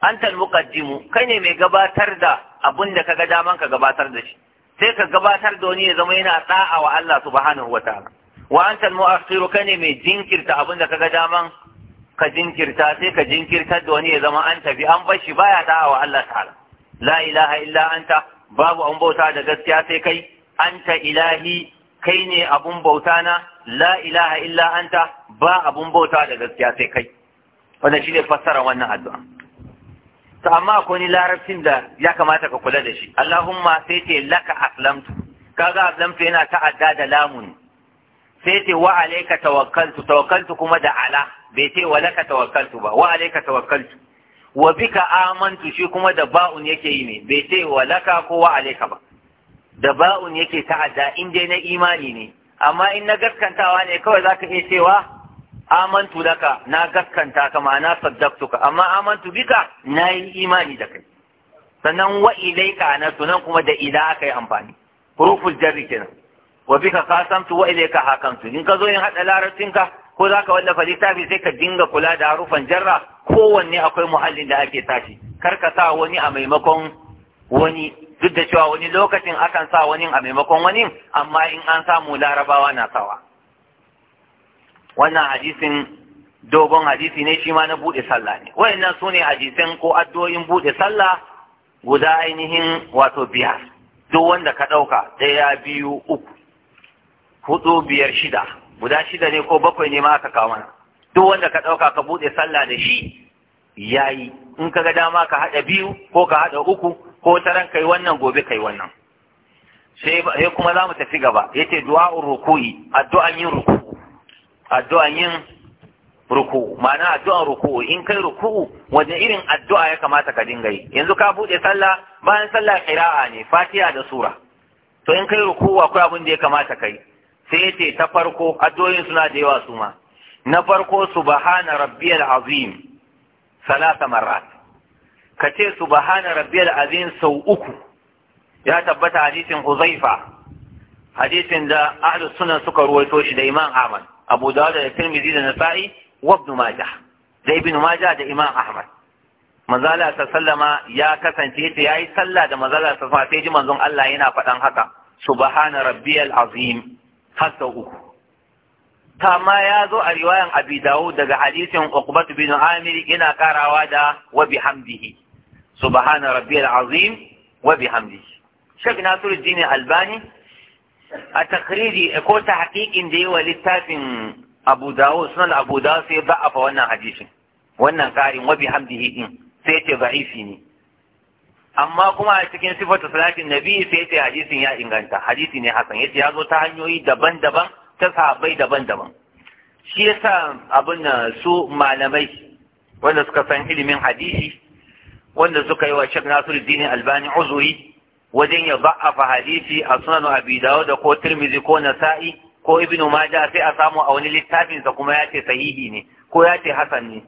antal muqaddimu kai ne mai gabatar da abunda kaga daman ka gabatar da shi sai ka gabatar da wani ya zama yana da'a wa Allah subhanahu wataala wa antal mu'akhiru kai ne mai jinkirta abunda kaga daman ka jinkirta sai ka jinkirtar da wani ya zama an tafi an bar shi baya da'a wa Allah ta'ala la ilaha illa anta babu an bauta da gaskiya sai kai anta ilahi kai ne abun bauta na la ilaha illa anta ba abun bauta da gaskiya sai kai wannan shine fassara wannan addu'a to amma akwai ni larabcin da ya kamata ka kula da shi Allahumma sai ce laka aslamtu kaga aslamtu yana ta'adda da lamun sai ce wa alayka tawakkaltu tawakkaltu kuma da ala bai ce wa laka tawakkaltu ba wa alayka tawakkaltu wa bika amantu shi kuma da ba'un yake yi ne bai ce wa laka ko wa alayka ba da ba'un yake ta'adda in dai na imani ne amma in na gaskantawa ne kawai zaka iya cewa amantu laka na gaskanta ka ma'ana saddaqtuka amma amantu bika na yi imani da kai sannan wa ilaika na sunan kuma da ila aka yi amfani huruful jarri kenan wa bika qasamtu wa ilaika hakamtu in ka zo in hada larabcinka ko za ka wallafa littafi sai ka dinga kula da harufan jarra kowanne akwai muhallin da ake tashi kar ka sa wani a maimakon wani duk da cewa wani lokacin akan sa wani a maimakon wani amma in an samu larabawa na sawa wannan hadisin dogon hadisi ne shi ma na buɗe sallah ne wayannan sune hadisin ko addu'o'in buɗe sallah guda ainihin wato biyar duk wanda ka ɗauka ɗaya biyu uku hudu biyar shida guda shida ne ko bakwai ne ma aka kawo mana duk wanda ka ɗauka ka buɗe sallah da shi ya yi in ka ga dama ka haɗa biyu ko ka haɗa uku ko taran kai wannan gobe kai wannan sai kuma za mu tafi gaba yace du'a'ur ruku'i addu'an yin ruku'u addu'an yin ruku'u ma'ana addu'an ruku'u in kai ruku'u wajen irin addu'a ya kamata ka dinga yi yanzu ka buɗe sallah bayan sallah ƙira'a ne fatiha da sura to in kai ruku'u akwai abin da ya kamata kai sai ce ta farko addu'o'in suna da yawa su ma na farko subhana rabbiyal azim salasa marrat ka ce subhana rabbiyal azim sau uku ya tabbata hadisin huzaifa hadisin da ahlus sunna suka ruwaito shi da imam ahmad abu dawud da tirmidhi da nasa'i wa ibn majah da ibn majah da imam ahmad manzala ta sallama ya kasance ta yayi sallah da manzala ta sallama sai ji manzon Allah yana faɗan haka subhana rabbiyal azim har sau uku kama ya zo a riwayan abi dawo daga hadisin uqbat bin amir yana karawa da wa bihamdihi subhana rabbiyal azim wa bihamdihi shek nasiruddin albani a takriri ko ta hakikin da yawa littafin abu dawo sunan abu dawo sai ba'afa wannan hadisin wannan karin wa bihamdihi din sai ce za'ifi ne amma kuma a cikin sifatu salatin nabi sai yace hadisin ya inganta hadisi ne hasan yace ya zo ta hanyoyi daban-daban ta sahabbai daban-daban shi yasa abin su malamai wanda suka san ilimin hadisi wanda suka yi wa Sheikh Nasiruddin Albani uzuri wajen ya ba'afa hadisi a sunan Abi Dawud ko Tirmidhi ko Nasa'i ko Ibn Majah sai a samu a wani littafin sa kuma ya ce sahihi ne ko ya ce hasan ne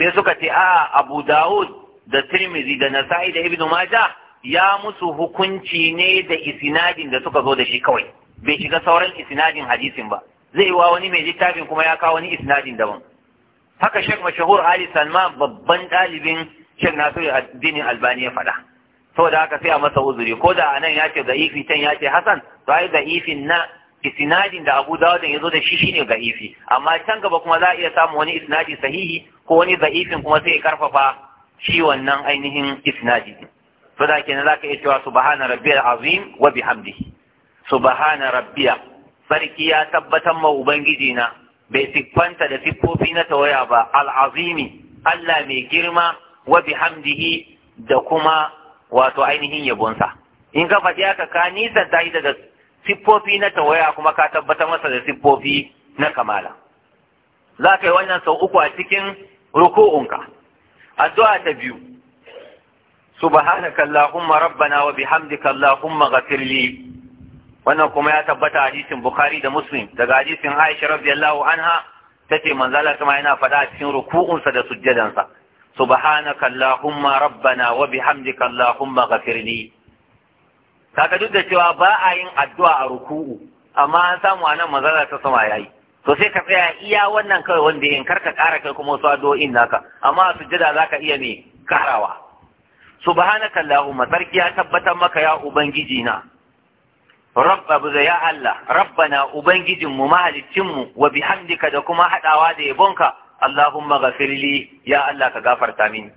sai suka ce a Abu Dawud da Tirmidhi da Nasa'i da Ibn Majah ya musu hukunci ne da isnadin da suka zo da shi kawai bai shiga sauran isnadin hadisin ba zai wa wani mai littafin kuma ya kawo wani isnadin daban haka Sheikh Mashhur Ali Salman babban dalibin Sheikh Nasiru Addini Albani ya faɗa saboda haka sai a masa uzuri ko da anan ya ce ifi can ya ce Hassan to ai ifin na isnadin da Abu Dawud ya zo da shi shine ifi amma can gaba kuma za a iya samun wani isnadi sahihi ko wani za'ifin kuma sai ya karfafa shi wannan ainihin isnadi to da kenan zaka iya cewa subhana rabbiyal azim wa bihamdihi subhana rabbiya sarki ya tabbatar ma ubangiji na bai siffanta da siffofi na tawaya ba al al'azimi Allah mai girma wa bihamdihi da kuma wato ainihin yabonsa in ka faɗi haka ka nisa ta daga siffofi na tawaya kuma ka tabbatar masa da siffofi na kamala za ka yi wannan sau uku a cikin ruku'unka addu'a ta biyu subhanaka allahumma rabbana wa bihamdika allahumma ghafir li wannan kuma ya tabbata hadisin bukhari da muslim daga hadisin aisha radiyallahu anha tace manzo Allah kuma yana faɗa a cikin ruku'unsa da sujjadansa subhanaka allahumma rabbana wa bihamdika allahumma ghafir li kaga duk da cewa ba a yin addu'a a ruku'u amma an samu anan manzo Allah ta sama yayi Sosai sai ka tsaya iya wannan kawai wanda in karka kara kai kuma wasu addu'o'in naka amma a sujjada ka iya me karawa subhanaka allahumma sarki ya tabbatar maka ya ubangiji na rabba da ya Allah rabbana ubangijin mu mahaliccin mu wa bihamdika da kuma hadawa da yabonka allahumma ghafirli ya Allah ka gafarta mini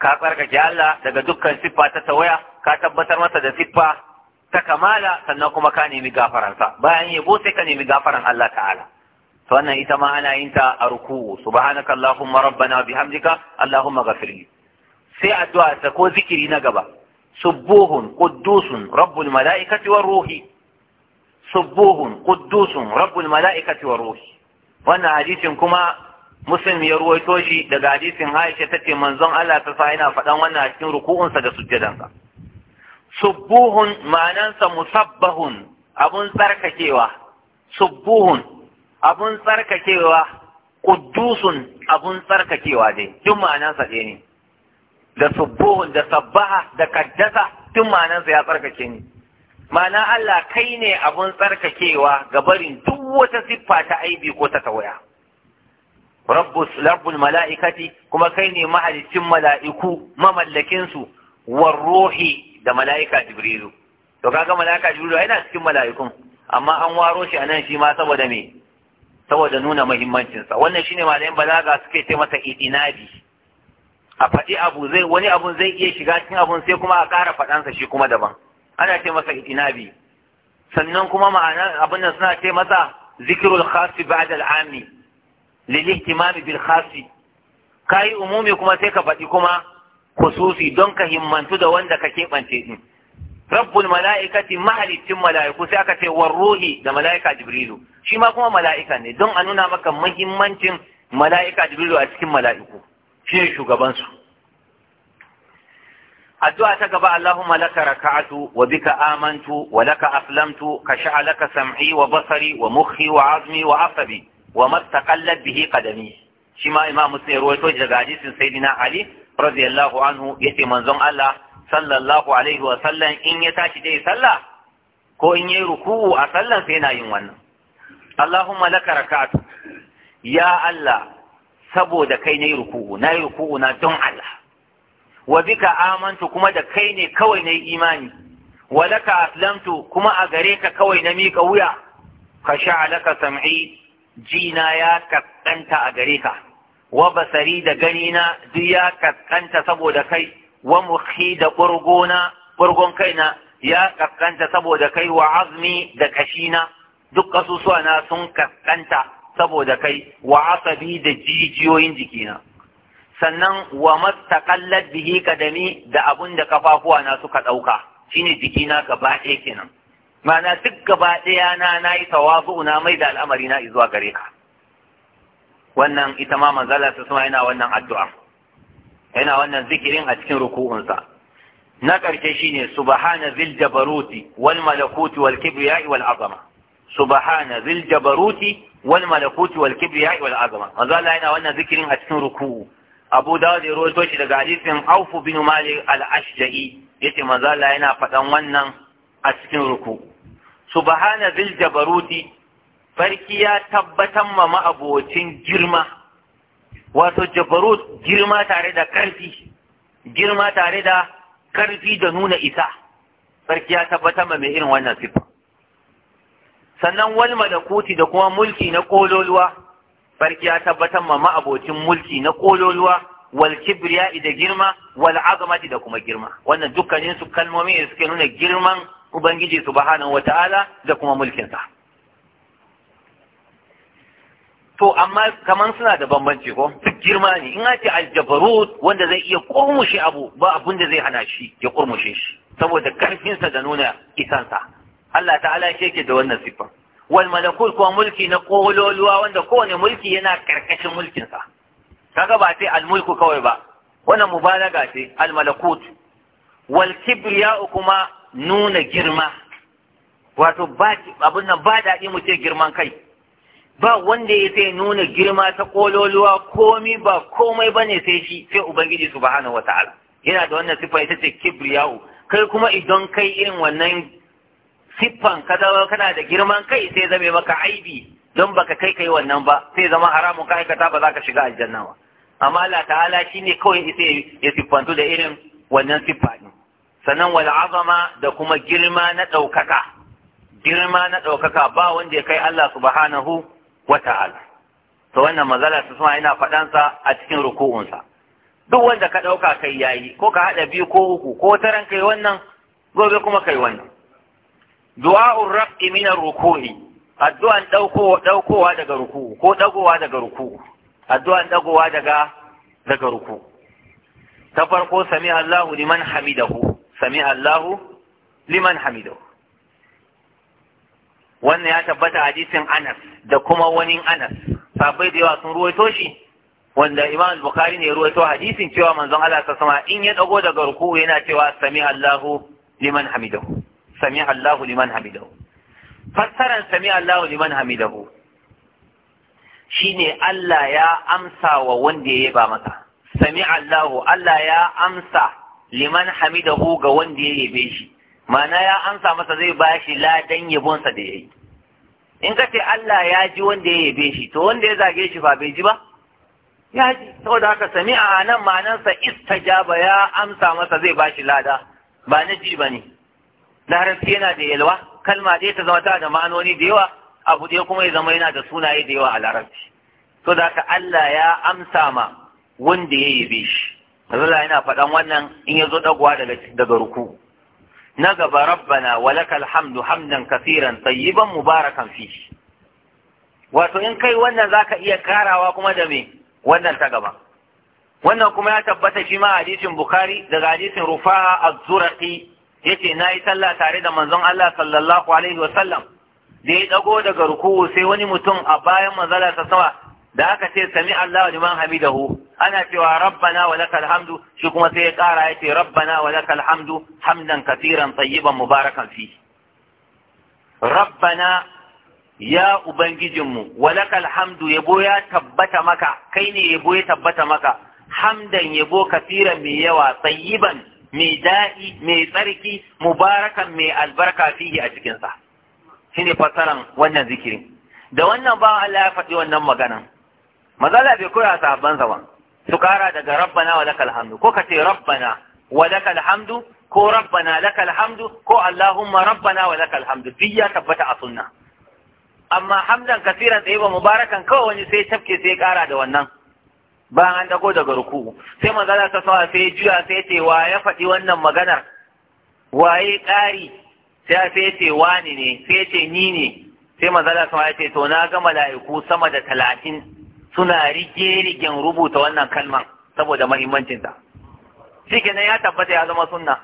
ka tsarkake Allah daga dukkan siffa ta tawaya ka tabbatar masa da siffa ta kamala sannan kuma ka nemi gafaransa bayan yabo sai ka nemi gafaran Allah ta'ala wannan ita ma ana yin ta a ruku'u subhanaka allahumma rabbana bihamdika allahumma ghafirli sai addu'a ko zikiri na gaba subuhun quddusun rabbul ruhi subuhun quddusun rabbul malaikati war ruhi wannan hadisin kuma muslim ya ruwaito shi daga hadisin Aisha tace manzon Allah ta sa yana faɗan wannan a cikin ruku'unsa da sujjadansa subuhun ma'anansa musabbahun abun tsarkakewa subuhun abun tsarkakewa kudusun abun tsarkakewa dai tun ma'anansa ɗaya ne da subuhun da sabbaha da kaddasa tun ma'anansa ya tsarkake ni ma'ana Allah kai ne abun tsarkakewa ga barin duk wata siffa ta aibi ko ta tawaya rabbus rabbul mala'ikati kuma kai ne mahalicin mala'iku mamallakin su war ruhi da mala'ika jibrilu to kaga mala'ika jibrilu yana cikin mala'ikun amma an waro shi anan shi ma saboda me saboda nuna muhimmancinsa wannan shine malamin balaga suke ce masa idinabi a faɗi abu zai wani abun zai iya shiga cikin abun sai kuma a ƙara faɗansa shi kuma daban ana ce masa idinabi sannan kuma ma'ana abin nan suna ce masa zikirul khasi ba'da Ami, lil ihtimami bil khasi kai umumi kuma sai ka faɗi kuma khususi don ka himmantu da wanda ka kebance din rabbul mala'ikati mahalicin mala'iku sai aka ce war ruhi da mala'ika jibrilu shi ma kuma mala'ika ne don a nuna maka muhimmancin mala'ika jibrilu a cikin mala'iku shi ne shugabansu addu'a ta gaba Allahumma laka raka'atu wa bika amantu wa laka aflamtu ka sha'alaka sam'i wa basari wa mukhi wa azmi wa asabi wa mastaqallat bihi qadami shi ma imam muslim ya daga hadisin sayyidina ali radiyallahu anhu yace manzon Allah sallallahu alaihi wa sallam in ya tashi dai sallah ko in yi ruku'u a sallan sai yana yin wannan Allahumma laka raka'atu ya Allah saboda kai nayi ruku'u yi ruku'u na don Allah wa bika amantu kuma da kai ne kawai nayi imani wa laka aslamtu kuma a gare ka kawai na mika wuya ka sha sha'alaka sam'i jina ya kaskanta a gare ka wa basari da ganina duk ya kaskanta saboda kai wa muhi da burgona burgon kaina ya kaskanta saboda kai wa azmi da kashina duk ƙasusuwa na sun kaskanta saboda kai wa asabi da jijiyoyin jikina sannan wa mastaqallat bihi kadami da abun da kafafuwa na suka ɗauka, shine jikina gaba ɗaya kenan ma'ana duk gaba ɗaya na yi tawazu na mai da al'amari na zuwa gare ka wannan ita ma manzala ta suna yana wannan addu'a yana wannan zikirin a cikin ruku'unsa na ƙarshe shine subhana zil jabaruti wal malakuti wal kibriya'i wal azama subhana zil jabaruti wal malakuti wal kibriya'i wal azama manzo Allah yana wannan zikirin a cikin ruku'u Abu Dawud ya rawaito shi daga hadisin Auf bin Malik al-Ashja'i yace manzo Allah yana faɗan wannan a cikin ruku. subhana zil jabaruti farki ya tabbatan ma ma'abocin girma wato jabarut girma tare da karfi girma tare da karfi da nuna isa sarki ya tabbatar ma mai irin wannan sifa sannan wal malakuti da kuma mulki na kololuwa sarki ya tabbatar ma ma'abocin mulki na kololuwa wal kibriya da girma wal azamati da kuma girma wannan dukkanin su kalmomi da suke nuna girman ubangiji subhanahu wataala da kuma mulkin mulkinsa to amma kaman suna da bambanci ko duk girma ne in ake aljabarut wanda zai iya kurmushe abu ba abun da zai hana shi ya kurmushe shi saboda karfinsa da nuna isansa Allah ta'ala shi yake da wannan siffan wal malakul kuma mulki na kololuwa wanda kowane mulki yana karkashin mulkinsa kaga ba sai al kawai ba wannan mubalaga ce al malakut wal kibriya kuma nuna girma wato ba abin nan ba daɗi mu ce girman kai ba wanda ya sai nuna girma ta kololuwa komi ba komai bane sai shi sai ubangiji subhanahu ta'ala. yana da wannan sifa ita ce kibriyahu kai kuma idan kai irin wannan siffan kada kana da girman kai sai zame maka aibi don baka kai kai wannan ba sai zama haramun ka aikata ba za ka shiga aljanna ba amma Allah ta'ala shi ne kawai sai ya siffantu da irin wannan siffa din sannan wal azama da kuma girma na ɗaukaka girma na ɗaukaka ba wanda ya kai Allah subhanahu wa ta'ala to wannan mazala su suma yana faɗansa a cikin ruku'unsa duk wanda ka ɗauka kai yayi ko ka haɗa biyu ko uku ko taran kai wannan gobe kuma kai wannan du'a'ur raf'i min ar-ruku'i addu'an dauko daukowa daga ruku'u ko dagowa daga ruku'u addu'an dagowa daga daga ruku'u ta farko sami Allahu liman hamidahu sami Allahu liman hamidahu wannan ya tabbata hadisin Anas da kuma wani Anas sabai da yawa sun ruwaito shi wanda Imam Bukhari ne ruwaito hadisin cewa manzon Allah ta sama in ya dago daga ruku yana cewa sami Allahu liman hamidahu sami Allahu liman hamidahu fassaran sami Allahu liman hamidahu shine Allah ya amsa wa wanda ya yaba masa sami Allahu Allah ya amsa liman hamidahu ga wanda ya yabe shi ma'ana ya amsa masa zai bashi ladan yabonsa da yayi in ka ce Allah ya ji wanda ya yabe shi to wanda ya zage shi ba bai ji ba ya ji saboda haka sami'a nan sa istajaba ya amsa masa zai bashi lada ba na ji bane larabci yana da yalwa kalma dai ta zama ta da ma'anoni da yawa abu ɗaya kuma ya zama yana da sunaye da yawa a larabci to da haka Allah ya amsa ma wanda ya yabe shi Allah yana faɗan wannan in ya zo ɗagowa daga ruku na gaba rabbana walakal hamdu hamdan kafiran tayyiban mubarakan fi wato in kai wannan zaka iya karawa kuma da me wannan ta gaba wannan kuma ya tabbata shi ma hadisin bukhari daga hadisin rufa'a az-zurqi yace nayi sallah tare da manzon Allah sallallahu alaihi da ya dago daga ruku'u sai wani mutum a bayan manzala ta sama da aka ce sami Allahu liman hamidahu ana cewa rabbana wa lakal hamdu shi kuma sai ya kara ya ce rabbana wa lakal hamdu hamdan kafiran tsayiban mubarakan fi rabbana ya ubangijinmu wa lakal hamdu yabo ya tabbata maka kai ne yabo ya tabbata maka hamdan yabo kafiran mai yawa tsayiban, mai da'i mai tsarki mubarakan mai albarka fihi a cikinsa shine fasaran wannan zikirin da wannan ba Allah ya faɗi wannan maganan mazala bai koya sahabban sa ba su kara daga rabbana wa lakal hamdu ko kace rabbana wa lakal hamdu ko rabbana lakal hamdu ko allahumma rabbana wa lakal hamdu duk ya tabbata a sunna amma hamdan kasiran tsayiba mubarakan kawai wani sai tafke sai kara da wannan Ba an dago daga ruku sai manzala ta sawa sai juya sai ce wa ya faɗi wannan maganar waye ƙari sai sai ce wani ne sai ce ni ne sai manzala ta sawa ce to na ga mala'iku sama da talatin suna rige-rigen rubuta wannan kalmar saboda mahimmancinta shi nan ya tabbata ya zama sunna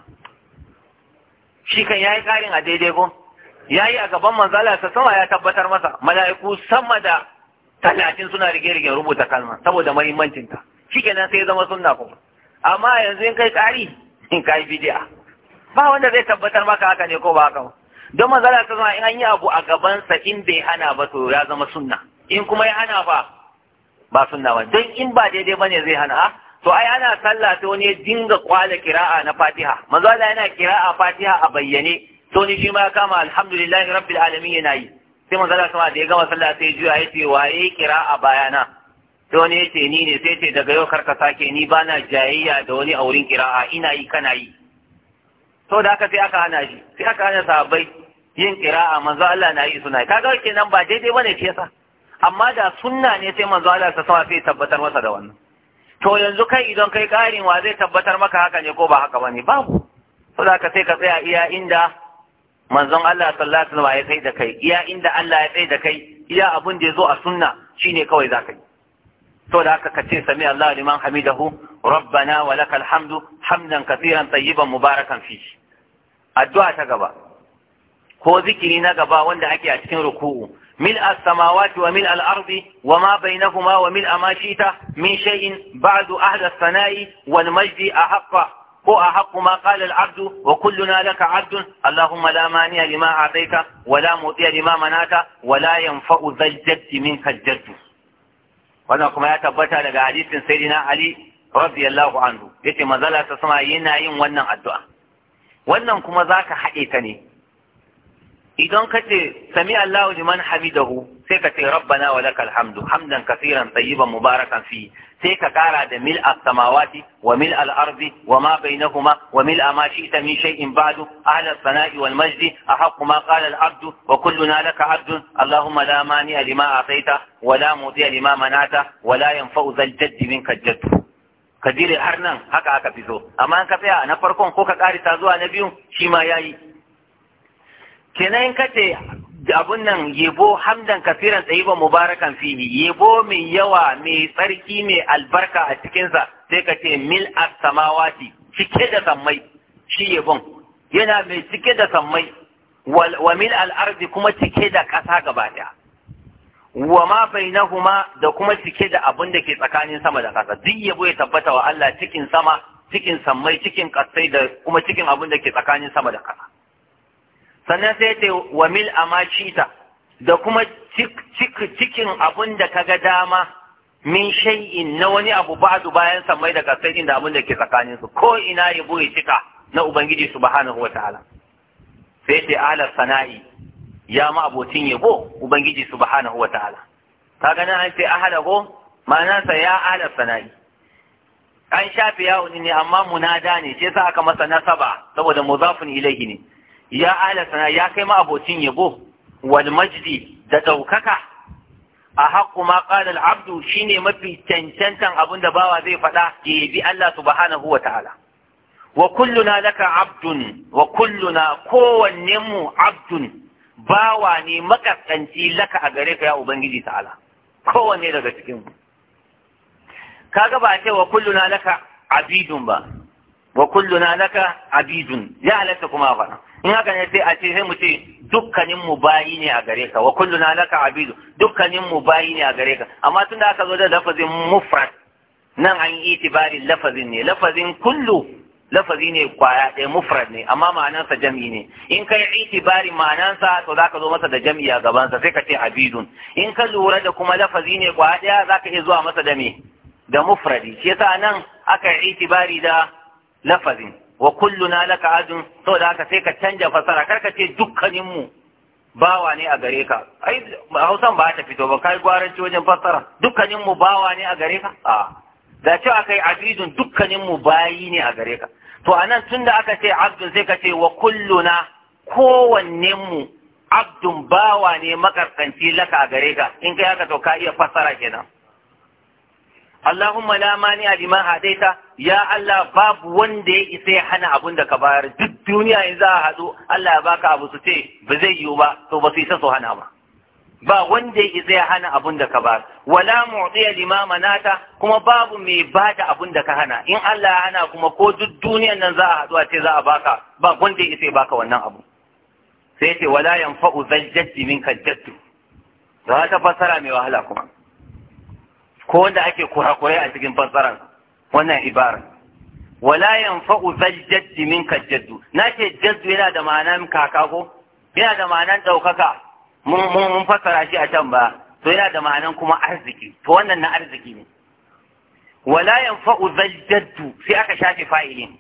shi kan ya yi ƙarin a daidai ko ya yi a gaban manzala sa sama ya tabbatar masa mala'iku sama da talatin suna rige-rigen rubuta kalmar saboda mahimmancinta shi nan sai ya zama sunna ko amma yanzu in kai ƙari in kai bidiya ba wanda zai tabbatar maka haka ne ko ba haka ba don manzala sa sama in an yi abu a gaban sa in bai hana ba to ya zama sunna in kuma ya hana ba ba sunna ba don in ba daidai bane zai hana a to ai ana sallah sai wani ya dinga kwala kira'a na fatiha manzo Allah yana kira'a fatiha a bayyane to ni shi ma kama alhamdulillahi rabbil alamin yana yi sai manzo Allah sama da ya gama sallah sai juya ya ce waye kira'a bayana to ne yace ni ne sai ce daga yau karka sake ni bana jayayya da wani a wurin kira'a ina yi kana yi to da haka sai aka hana shi sai aka hana sahabbai yin kira'a manzo Allah na yi suna kaga kenan ba daidai bane ke sa amma da sunna ne sai manzo Allah ta sama sai tabbatar masa da wannan to yanzu kai idan kai ƙarin wa zai tabbatar maka haka ne ko ba haka bane babu saboda ka sai ka tsaya iya inda manzon Allah sallallahu alaihi wasallam ya kai da kai iya inda Allah ya tsai da kai iya abun da yazo a sunna shine kawai zaka yi saboda haka ka ce sami Allah liman hamidahu rabbana wa lakal hamdu hamdan katiran tayyiban mubarakan fi addu'a ta gaba ko zikiri na gaba wanda ake a cikin ruku'u ملء السماوات وملء الأرض وما بينهما وملء ما شئت من شيء بعد أهل الثناء والمجد أحق هو أحق ما قال العبد وكلنا لك عبد اللهم لا مانع لما أعطيت ولا مطيع لما منعت ولا ينفع ذا الجد منك الجد wannan kuma ya tabbata daga hadisin sayyidina Ali radiyallahu anhu yace manzala ta sama yana yin wannan addu'a wannan kuma zaka haɗe ta ne idan ka ce sami Allahu liman hamidahu sai ka ce rabbana wa lakal hamdu hamdan kaseeran tayyiban mubarakan fi sai ka kara da mil as-samawati wa mil al-ardi wa ma bainahuma wa mil ma shi'ta min shay'in ba'du ahla as-sana'i wal majdi ahaqqu ma qala al-abdu wa kulluna laka abdun allahumma la a lima ataita wa la mudiya lima manata wa la yanfa'u zal jaddi minka jaddu ka har nan haka aka fi so amma in ka tsaya na farkon ko ka karita zuwa na biyu shi ma yayi kenan kace abun nan yebo hamdan kafiran tsayiban mubarakan fihi yebo mai yawa mai tsarki mai albarka a cikinsa sai ka ce mil samawati cike da sammai shi yebon yana mai cike da sammai wa mil arzi kuma cike da ƙasa gaba ɗaya wa ma bainahuma da kuma cike da abun da ke tsakanin sama da ƙasa duk yabo ya tabbata wa Allah cikin sama cikin sammai cikin ƙasai da kuma cikin abun da ke tsakanin sama da ƙasa sannan sai ce wa mil amashita da kuma cikin abin da kaga dama min shay'in na wani abu su bayan samai da kasai inda abin da ke tsakanin su ko ina ya buri cika na ubangiji subhanahu wataala sai ce ala sana'i ya ma abocin yabo ubangiji subhanahu wataala kaga nan an ce ahala go ma'anarsa ya ala sana'i an shafe ya'uni ne amma munada ne sai sa aka masa nasaba saboda muzafin ilaihi ne ya alasana ya kai ma yabo wal majdi da ɗaukaka a haƙƙu ma ƙalal abdu shine mafi cancantan abin da bawa zai faɗa ya bi Allah subhanahu wa ta'ala wa kulluna laka abdun wa kulluna kowannenmu abdun bawa ne makaskanci laka a gare ka ya ubangiji ta'ala kowanne daga cikin kaga ba ce wa kulluna laka abidun ba wa kulluna laka abidun ya halatta kuma faɗa. in haka ne sai a ce sai mu ce dukkanin mu bayi ne a gare ka wa kulluna laka abidu dukkanin mu bayi ne a gare ka amma tunda aka zo da lafazin mufrad nan an yi itibari lafazin ne lafazin kullu lafazi ne kwaya ɗaya mufrad ne amma ma'anansa jam'i ne in kai itibari ma'anansa to zaka zo masa da jam'i a gabansa sai ka ce abidun in ka lura da kuma lafazi ne kwaya ɗaya zaka iya zuwa masa da me da mufradi shi yasa nan aka yi itibari da lafazin wa kulluna laka adun saboda haka sai ka canja fasara kar ka ce dukkanin mu bawa ne a gare ka ai Hausan ba ta fito ba kai gwaranci wajen fasara dukkanin mu bawa ne a gare ka a da ce akai azizun dukkanin mu bayi ne a gare ka to anan tunda aka ce abdu sai ka ce wa kulluna kowanne mu abdun bawa ne makarkanci laka a gare ka in kai haka to ka iya fasara kenan Allahumma la mani liman hadaita ya Allah babu wanda ya isa ya hana abun da ka bayar duk duniya in za a haɗu Allah ya baka abu su ce ba zai yiwu ba to ba su isa su hana ba ba wanda ya isa ya hana abun da ka bayar wala ya liman manata kuma babu mai bada abun da ka hana in Allah ya hana kuma ko duk duniyan nan za a haɗu a ce za a baka ba wanda ya isa ya baka wannan abu sai ce wala yanfa'u zajjati minka jaddu za ta fasara mai wahala kuma ko wanda ake kurakurai a cikin fassaran wannan ibara wala yanfa'u zal jaddi minka jaddu nace jaddu yana da ma'ana kaka ko yana da ma'ana daukaka mun mun fassara shi a can ba to yana da ma'ana kuma arziki to wannan na arziki ne wala yanfa'u zal jaddu sai aka shafe fa'ilin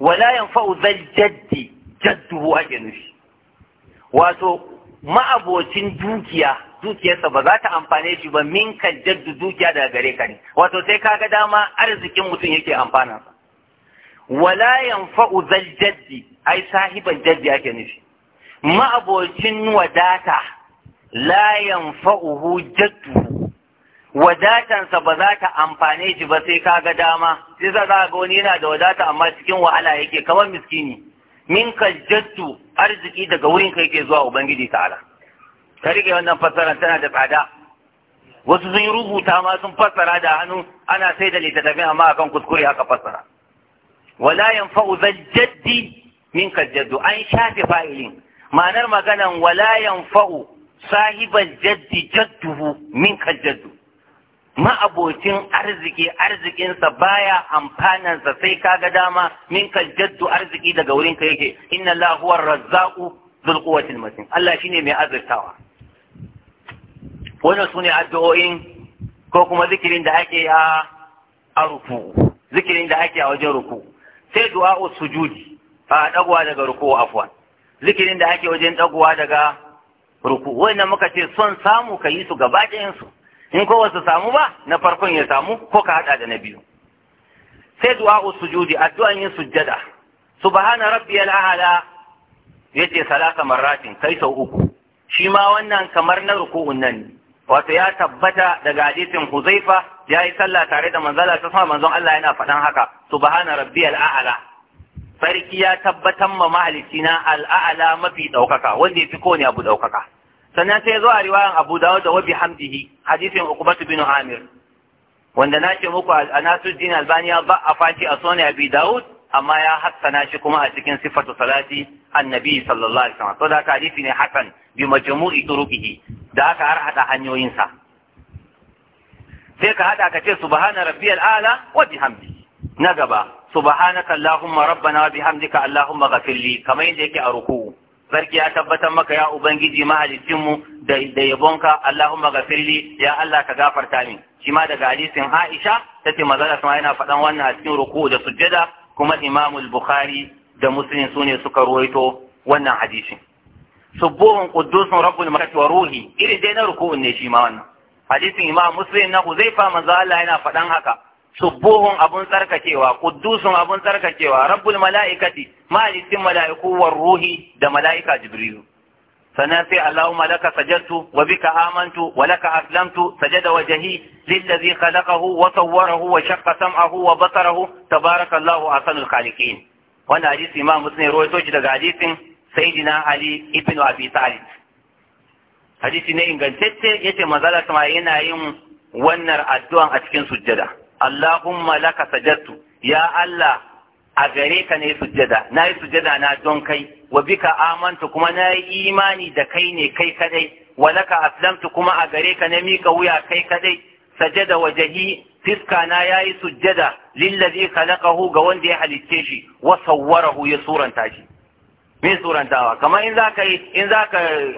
wala yanfa'u zal jaddi jadduhu ake nufi wato ma'abocin dukiya dukiyarsa ba za ta amfane shi ba min ka jaddu dukiya daga gare ka ne wato sai kaga dama arzikin mutum yake amfana wala yanfa'u zal jaddi ai sahiban jaddi ake nufi ma'abocin wadata la yanfa'uhu jaddu wadatansa ba za ta amfane shi ba sai kaga dama sai za ga wani yana da wadata amma cikin wahala yake kamar miskini min ka jaddu arziki daga wurin ka yake zuwa ubangiji ta'ala ka rike wannan fassara tana da tsada wasu sun yi rubuta ma sun fassara da hannu ana sai da littattafin amma akan kuskure aka fassara wala yanfa'u zal jaddi minka jaddu an shafe fa'ilin ma'anar maganan wala fau sahiban jaddi jadduhu minka jaddu ma'abocin arziki arzikinsa baya amfanansa sai kaga dama minka jaddu arziki daga wurin ka yake inna lahuwar huwa razzaqu dhul quwwatil matin Allah shine mai azurtawa wannan sune addu'o'in ko kuma zikirin da ake a a zikirin da ake a wajen ruku sai du'a'u juji a ɗaguwa daga ruku afwan zikirin da ake wajen ɗaguwa daga ruku wannan muka ce son samu ka yi su gaba su in ko wasu samu ba na farkon ya samu ko ka haɗa da na biyu sai du'a'u sujudi addu'an yin sujjada subhana rabbiyal a'la yace salasa marratin kai sau uku shi ma wannan kamar na ruku'un nan ne wato ya tabbata daga hadisin Huzaifa ya yi sallah tare da manzala ta sama manzon Allah yana faɗan haka subhana rabbiyal a'la sarki ya tabbatar ma na al'a'la mafi ɗaukaka wanda ya fi kowane abu ɗaukaka sannan sai zo a riwayan Abu Dawud da wabi Hamdihi, hadisin Uqbatu bin Amir wanda nace muku a Albani ya ba a fashi a sunan Abi Dawud amma ya hassana shi kuma a cikin sifatu salati annabi sallallahu alaihi wasallam to da hadisi ne hasan bi majmu'i turuqihi da aka har hada hanyoyin sa sai ka hada ka ce subhana rabbiyal ala wa bihamdi na gaba subhanaka allahumma rabbana wa bihamdika allahumma ghafirli kamar yadda yake a ruku'u sarki ya tabbatar maka ya ubangiji mahaliccin mu da yabonka allahumma ghafirli ya allah ka gafarta min shi ma daga hadisin Aisha tace manzon sama yana faɗan wannan a cikin ruku'u da sujjada kuma imamul Bukhari da Muslim sune suka ruwaito wannan hadisin subuhun quddusun rabbul malaki wa ruhi Iri dai na ruku'un ne shi ma wannan hadisin imam muslim na huzaifa manzo Allah yana faɗan haka subuhun abun tsarkakewa quddusun abun tsarkakewa rabbul malaikati malikin malaiku wa ruhi da malaika jibrilu sannan sai Allahumma laka sajadtu wa bika amantu wa laka aslamtu sajada wajhi lillazi khalaqahu wa sawwarahu wa shaqqa sam'ahu wa basarahu tabarakallahu ahsanul khaliqin wannan hadisi imam muslim rawaito shi daga hadisin Saidina ali ibn abi talib hadisi ne ingantacce yace manzala kuma yana yin wannan addu'an a cikin sujada. Allahumma laka sajadtu ya Allah a gare ka ne sujjada na yi sujjada na don kai Wabika bika amantu kuma na yi imani da kai ne kai kadai wa laka aslamtu kuma a gare ka na mika wuya kai kadai sajada wajahi fiska na yayi sujjada lillazi khalaqahu ga wanda ya halicce shi wa sawwarahu ya suranta shi bai tsorantawa kamar in za ka in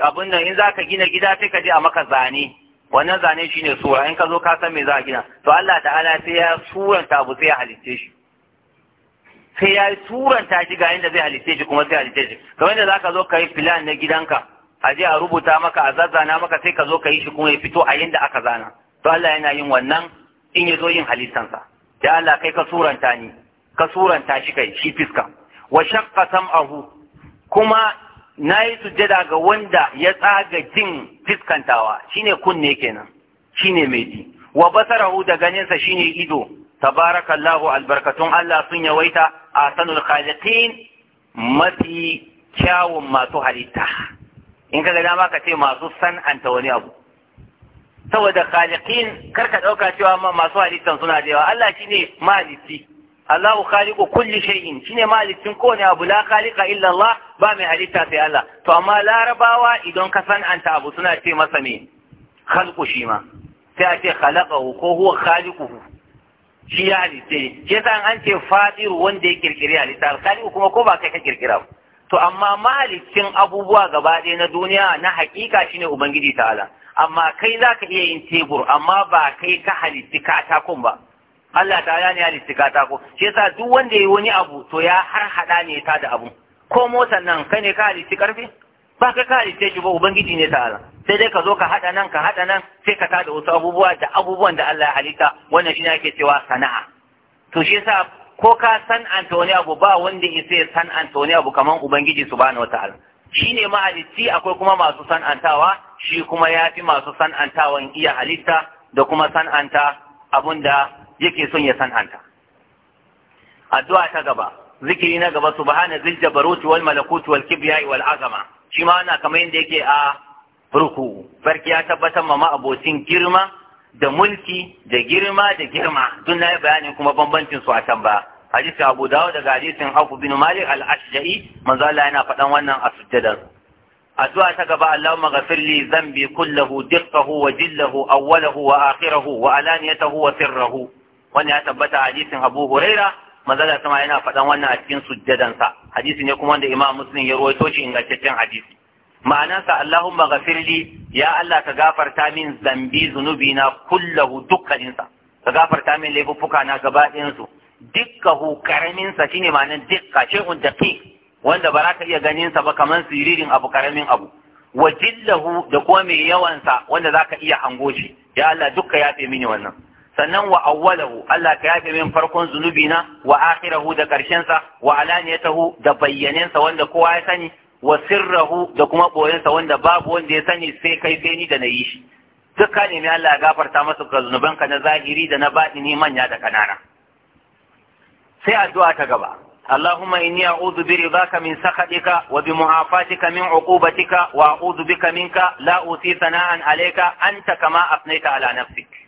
abin nan in za ka gina gida sai ka je a maka zane wannan zane shine sura in ka zo ka san me za a gina to Allah ta'ala sai ya suranta abu sai ya halitte shi sai ya suranta shi ga inda zai halitte shi kuma sai halitte shi kamar yadda zaka zo ka yi filan na gidanka a je a rubuta maka a zazzana maka sai ka zo ka yi shi kuma ya fito a yadda aka zana to Allah yana yin wannan in ya zo yin halittansa ya Allah kai ka suranta ni ka suranta shi kai shi fiska wa shaqqa sam'ahu kuma na yi sujjada ga wanda ya tsaga jin fiskantawa shine kunne kenan shine mai ji wa basarahu da ganinsa shine ido tabarakallahu albarkatun Allah sun yawaita a sanul khaliqin mafi kyawun masu halitta in ka ga dama ka ce masu san'anta wani abu saboda khaliqin karka ɗauka cewa masu halittan suna da yawa Allah shine maliki Allahu khaliqu kulli shay'in shine mahalicin kowane abu la khaliqa illa Allah ba mai halitta sai Allah to amma larabawa idan ka san anta abu suna ce masa me khalqu shi ma sai ake ce khalaqahu ko huwa khaliquhu shi ya halitta ke san an ce fadiru wanda ya kirkiri halitta khaliqu kuma ko ba kai ka kirkira ba to amma mahalicin abubuwa gaba ɗaya na duniya na hakika shine ubangiji ta'ala amma kai zaka iya yin tebur amma ba kai ka halitti katakon ba Allah ta ne ya listika ta ko shi yasa duk wanda yayi wani abu to ya har hada ne ta da abu ko motar nan kai ne ka halitti karfi ba ka ka halitta shi ba ubangiji ne ta Allah sai dai ka zo ka hada nan ka hada nan sai ka tada wasu abubuwa da abubuwan da Allah ya halitta wannan shi ne ake cewa sana'a to shi yasa ko ka san Antonio abu ba wanda ya san wani abu kaman ubangiji subhanahu wataala ne mahalicci akwai kuma masu san'antawa shi kuma ya fi masu san'antawan iya halitta da kuma san'anta abun da yake son ya san san'anta addu'a ta gaba zikiri na gaba subhana zil jabaruti wal malakuti wal kibriya wal azama shi ma ana kamar yadda yake a ruku farki ya tabbatar ma ma'abocin girma da mulki da girma da girma duk na yi bayanin kuma bambancin su a can ba hadisi abu dawo daga hadisin hafu bin malik al-ashja'i manzo Allah yana faɗan wannan a sujjadar addu'a ta gaba Allahumma ghafir li bi kullahu diqqahu wa jillahu awwalahu wa akhirahu wa alaniyatahu wa sirrahu wannan ya tabbata hadisin Abu Huraira manzala sama yana faɗan wannan a cikin sujjadansa hadisi ne kuma wanda Imam Muslim ya rawaito shi ingantaccen hadisi sa Allahumma ghafirli ya Allah ka gafarta min zambi zunubi na kullahu dukkaninsa ka gafarta min laifuffuka na gaba ɗayansu dukkahu sa shine ma'anan dukka shay'un daqiq wanda ba za ka iya ganinsa ba kamar siririn abu karamin abu wa jillahu da kuma mai yawansa wanda za ka iya hango shi ya Allah dukka yafe mini wannan sannan wa awwalahu Allah ka yafe min farkon zunubi na wa akhirahu da karshen sa wa alaniyatahu da bayyanensa wanda kowa ya sani wa sirrahu da kuma boyen wanda babu wanda ya sani sai kai sai ni da nayi shi duka ne mai Allah ya gafarta masa ka zunuban ka na zahiri da na batini manya da kanana sai addu'a ta gaba اللهم إني أعوذ برضاك من سخطك وبمعافاتك من عقوبتك وأعوذ بك منك لا أوصي ثناء عليك أنت كما أثنيت على نفسك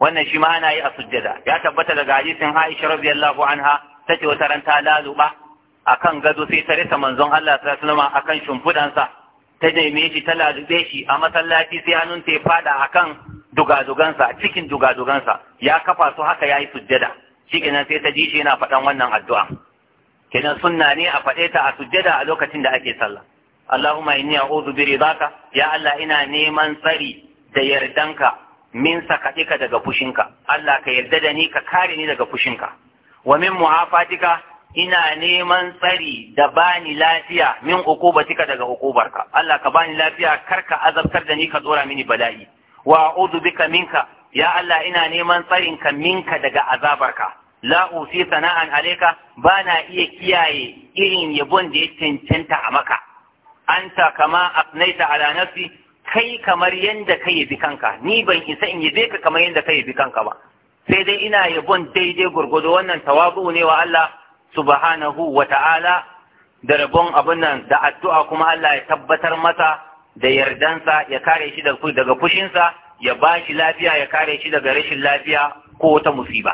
wannan shi ma ana yi a sujjada ya tabbata daga hadisin Aisha radiyallahu anha tace wata ran ta laluba akan gado sai ta rasa manzon Allah sallallahu alaihi wasallam akan shimfudansa ta neme shi ta lalube shi a masallaci sai hannun ta ya fada akan dugadugansa cikin dugadugansa ya kafa su haka yayi sujjada shikenan sai ta ji shi yana faɗan wannan addu'a kenan sunna ne a faɗe ta a sujjada a lokacin da ake sallah Allahumma inni a'udhu bi ridaka ya Allah ina neman tsari da yardanka min sakaɗika daga fushinka Allah ka yarda da ni ka kare ni daga fushinka wa min mu'afatika ina neman tsari da bani lafiya min ukubatika daga ukubarka Allah ka bani lafiya karka azabtar da ni ka tsora mini bala'i wa a'udhu bika minka ya Allah ina neman tsarin ka minka daga azabarka la usi sana'an Ba bana iya kiyaye irin yabon da ya cancanta a maka anta kama asnaita ala nafsi kai kamar yadda ka bi kanka ni ban isa in yabe ka kamar yadda ka bi kanka ba sai dai ina yabon daidai gurgudu wannan tawabu ne wa Allah subhanahu wa ta'ala da rabon abun nan da addu'a kuma Allah ya tabbatar masa da yardansa ya kare shi daga fushinsa ya ba shi lafiya ya kare shi daga rashin lafiya ko wata musiba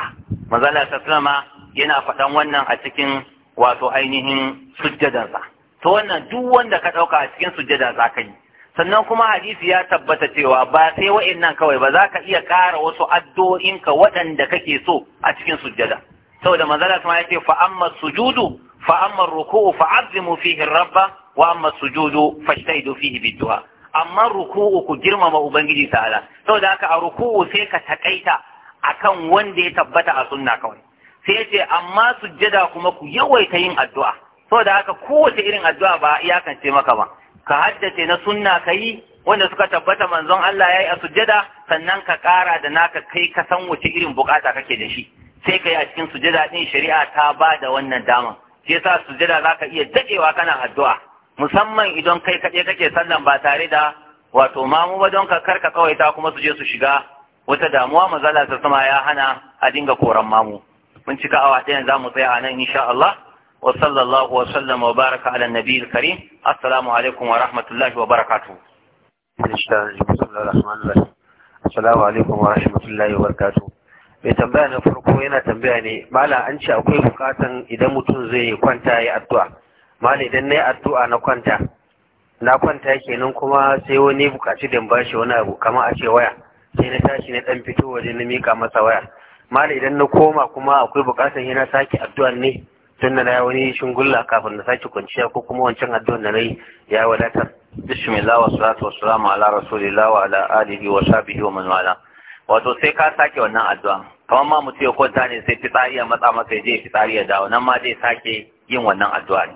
manzala sallama yana faɗan wannan a cikin wato ainihin sujjadansa to wannan duk wanda ka ɗauka a cikin sujjada za ka yi sannan kuma hadisi ya tabbata cewa ba sai wa'annan kawai ba za ka iya ƙara wasu addu'o'inka waɗanda kake so a cikin sujjada saboda manzala kuma ya ce fa amma sujudu fa amma ruku'u fa azimu fihi rabba wa amma sujudu fashtahidu fihi biddu'a amma ruku'u ku girmama ubangiji ta'ala saboda haka a ruku'u sai ka takaita akan wanda ya tabbata a sunna kawai sai ya ce amma sujjada kuma ku yawaita yin addu'a saboda haka kowace irin addu'a ba iyakance maka ba ka haddace na sunna ka yi wanda suka tabbata manzon Allah ya yi a sujada, sannan ka kara da naka kai ka san wace irin bukata kake da shi sai ka yi a cikin sujjada din shari'a ta ba da wannan daman shi yasa sujjada za ka iya dadewa kana addu'a musamman idan kai kaɗai kake sallan ba tare da wato mamu ba don ka karka ta kuma su je su shiga wata damuwa mazala ta sama ya hana a dinga koran mamu mun cika awa ɗayan za mu tsaya a nan insha Allah وصلى الله وسلم وبارك على النبي الكريم السلام عليكم ورحمة الله وبركاته بسم الله الرحمن الرحيم السلام عليكم ورحمة الله وبركاته mai tambaya na farko yana tambaya ne mala an ce akwai bukatan idan mutum zai kwanta ya addu'a mala idan na yi addu'a na kwanta na kwanta kenan kuma sai wani bukaci da bashi wani abu kama a ce waya sai na tashi na dan fito waje na mika masa waya mala idan na koma kuma akwai bukatan yana sake addu'a ne tun da na wani shingulla kafin na sake kwanciya ko kuma wancan addu'a da nayi ya wadatar bismillah wa salatu wa salamu ala rasulillah wa ala alihi wa sahbihi wa man wala wato sai ka sake wannan addu'a kamar ma mutum ya kwanta ne sai fitariya matsa masa ya je fitsari ya dawo nan ma zai sake yin wannan addu'a ne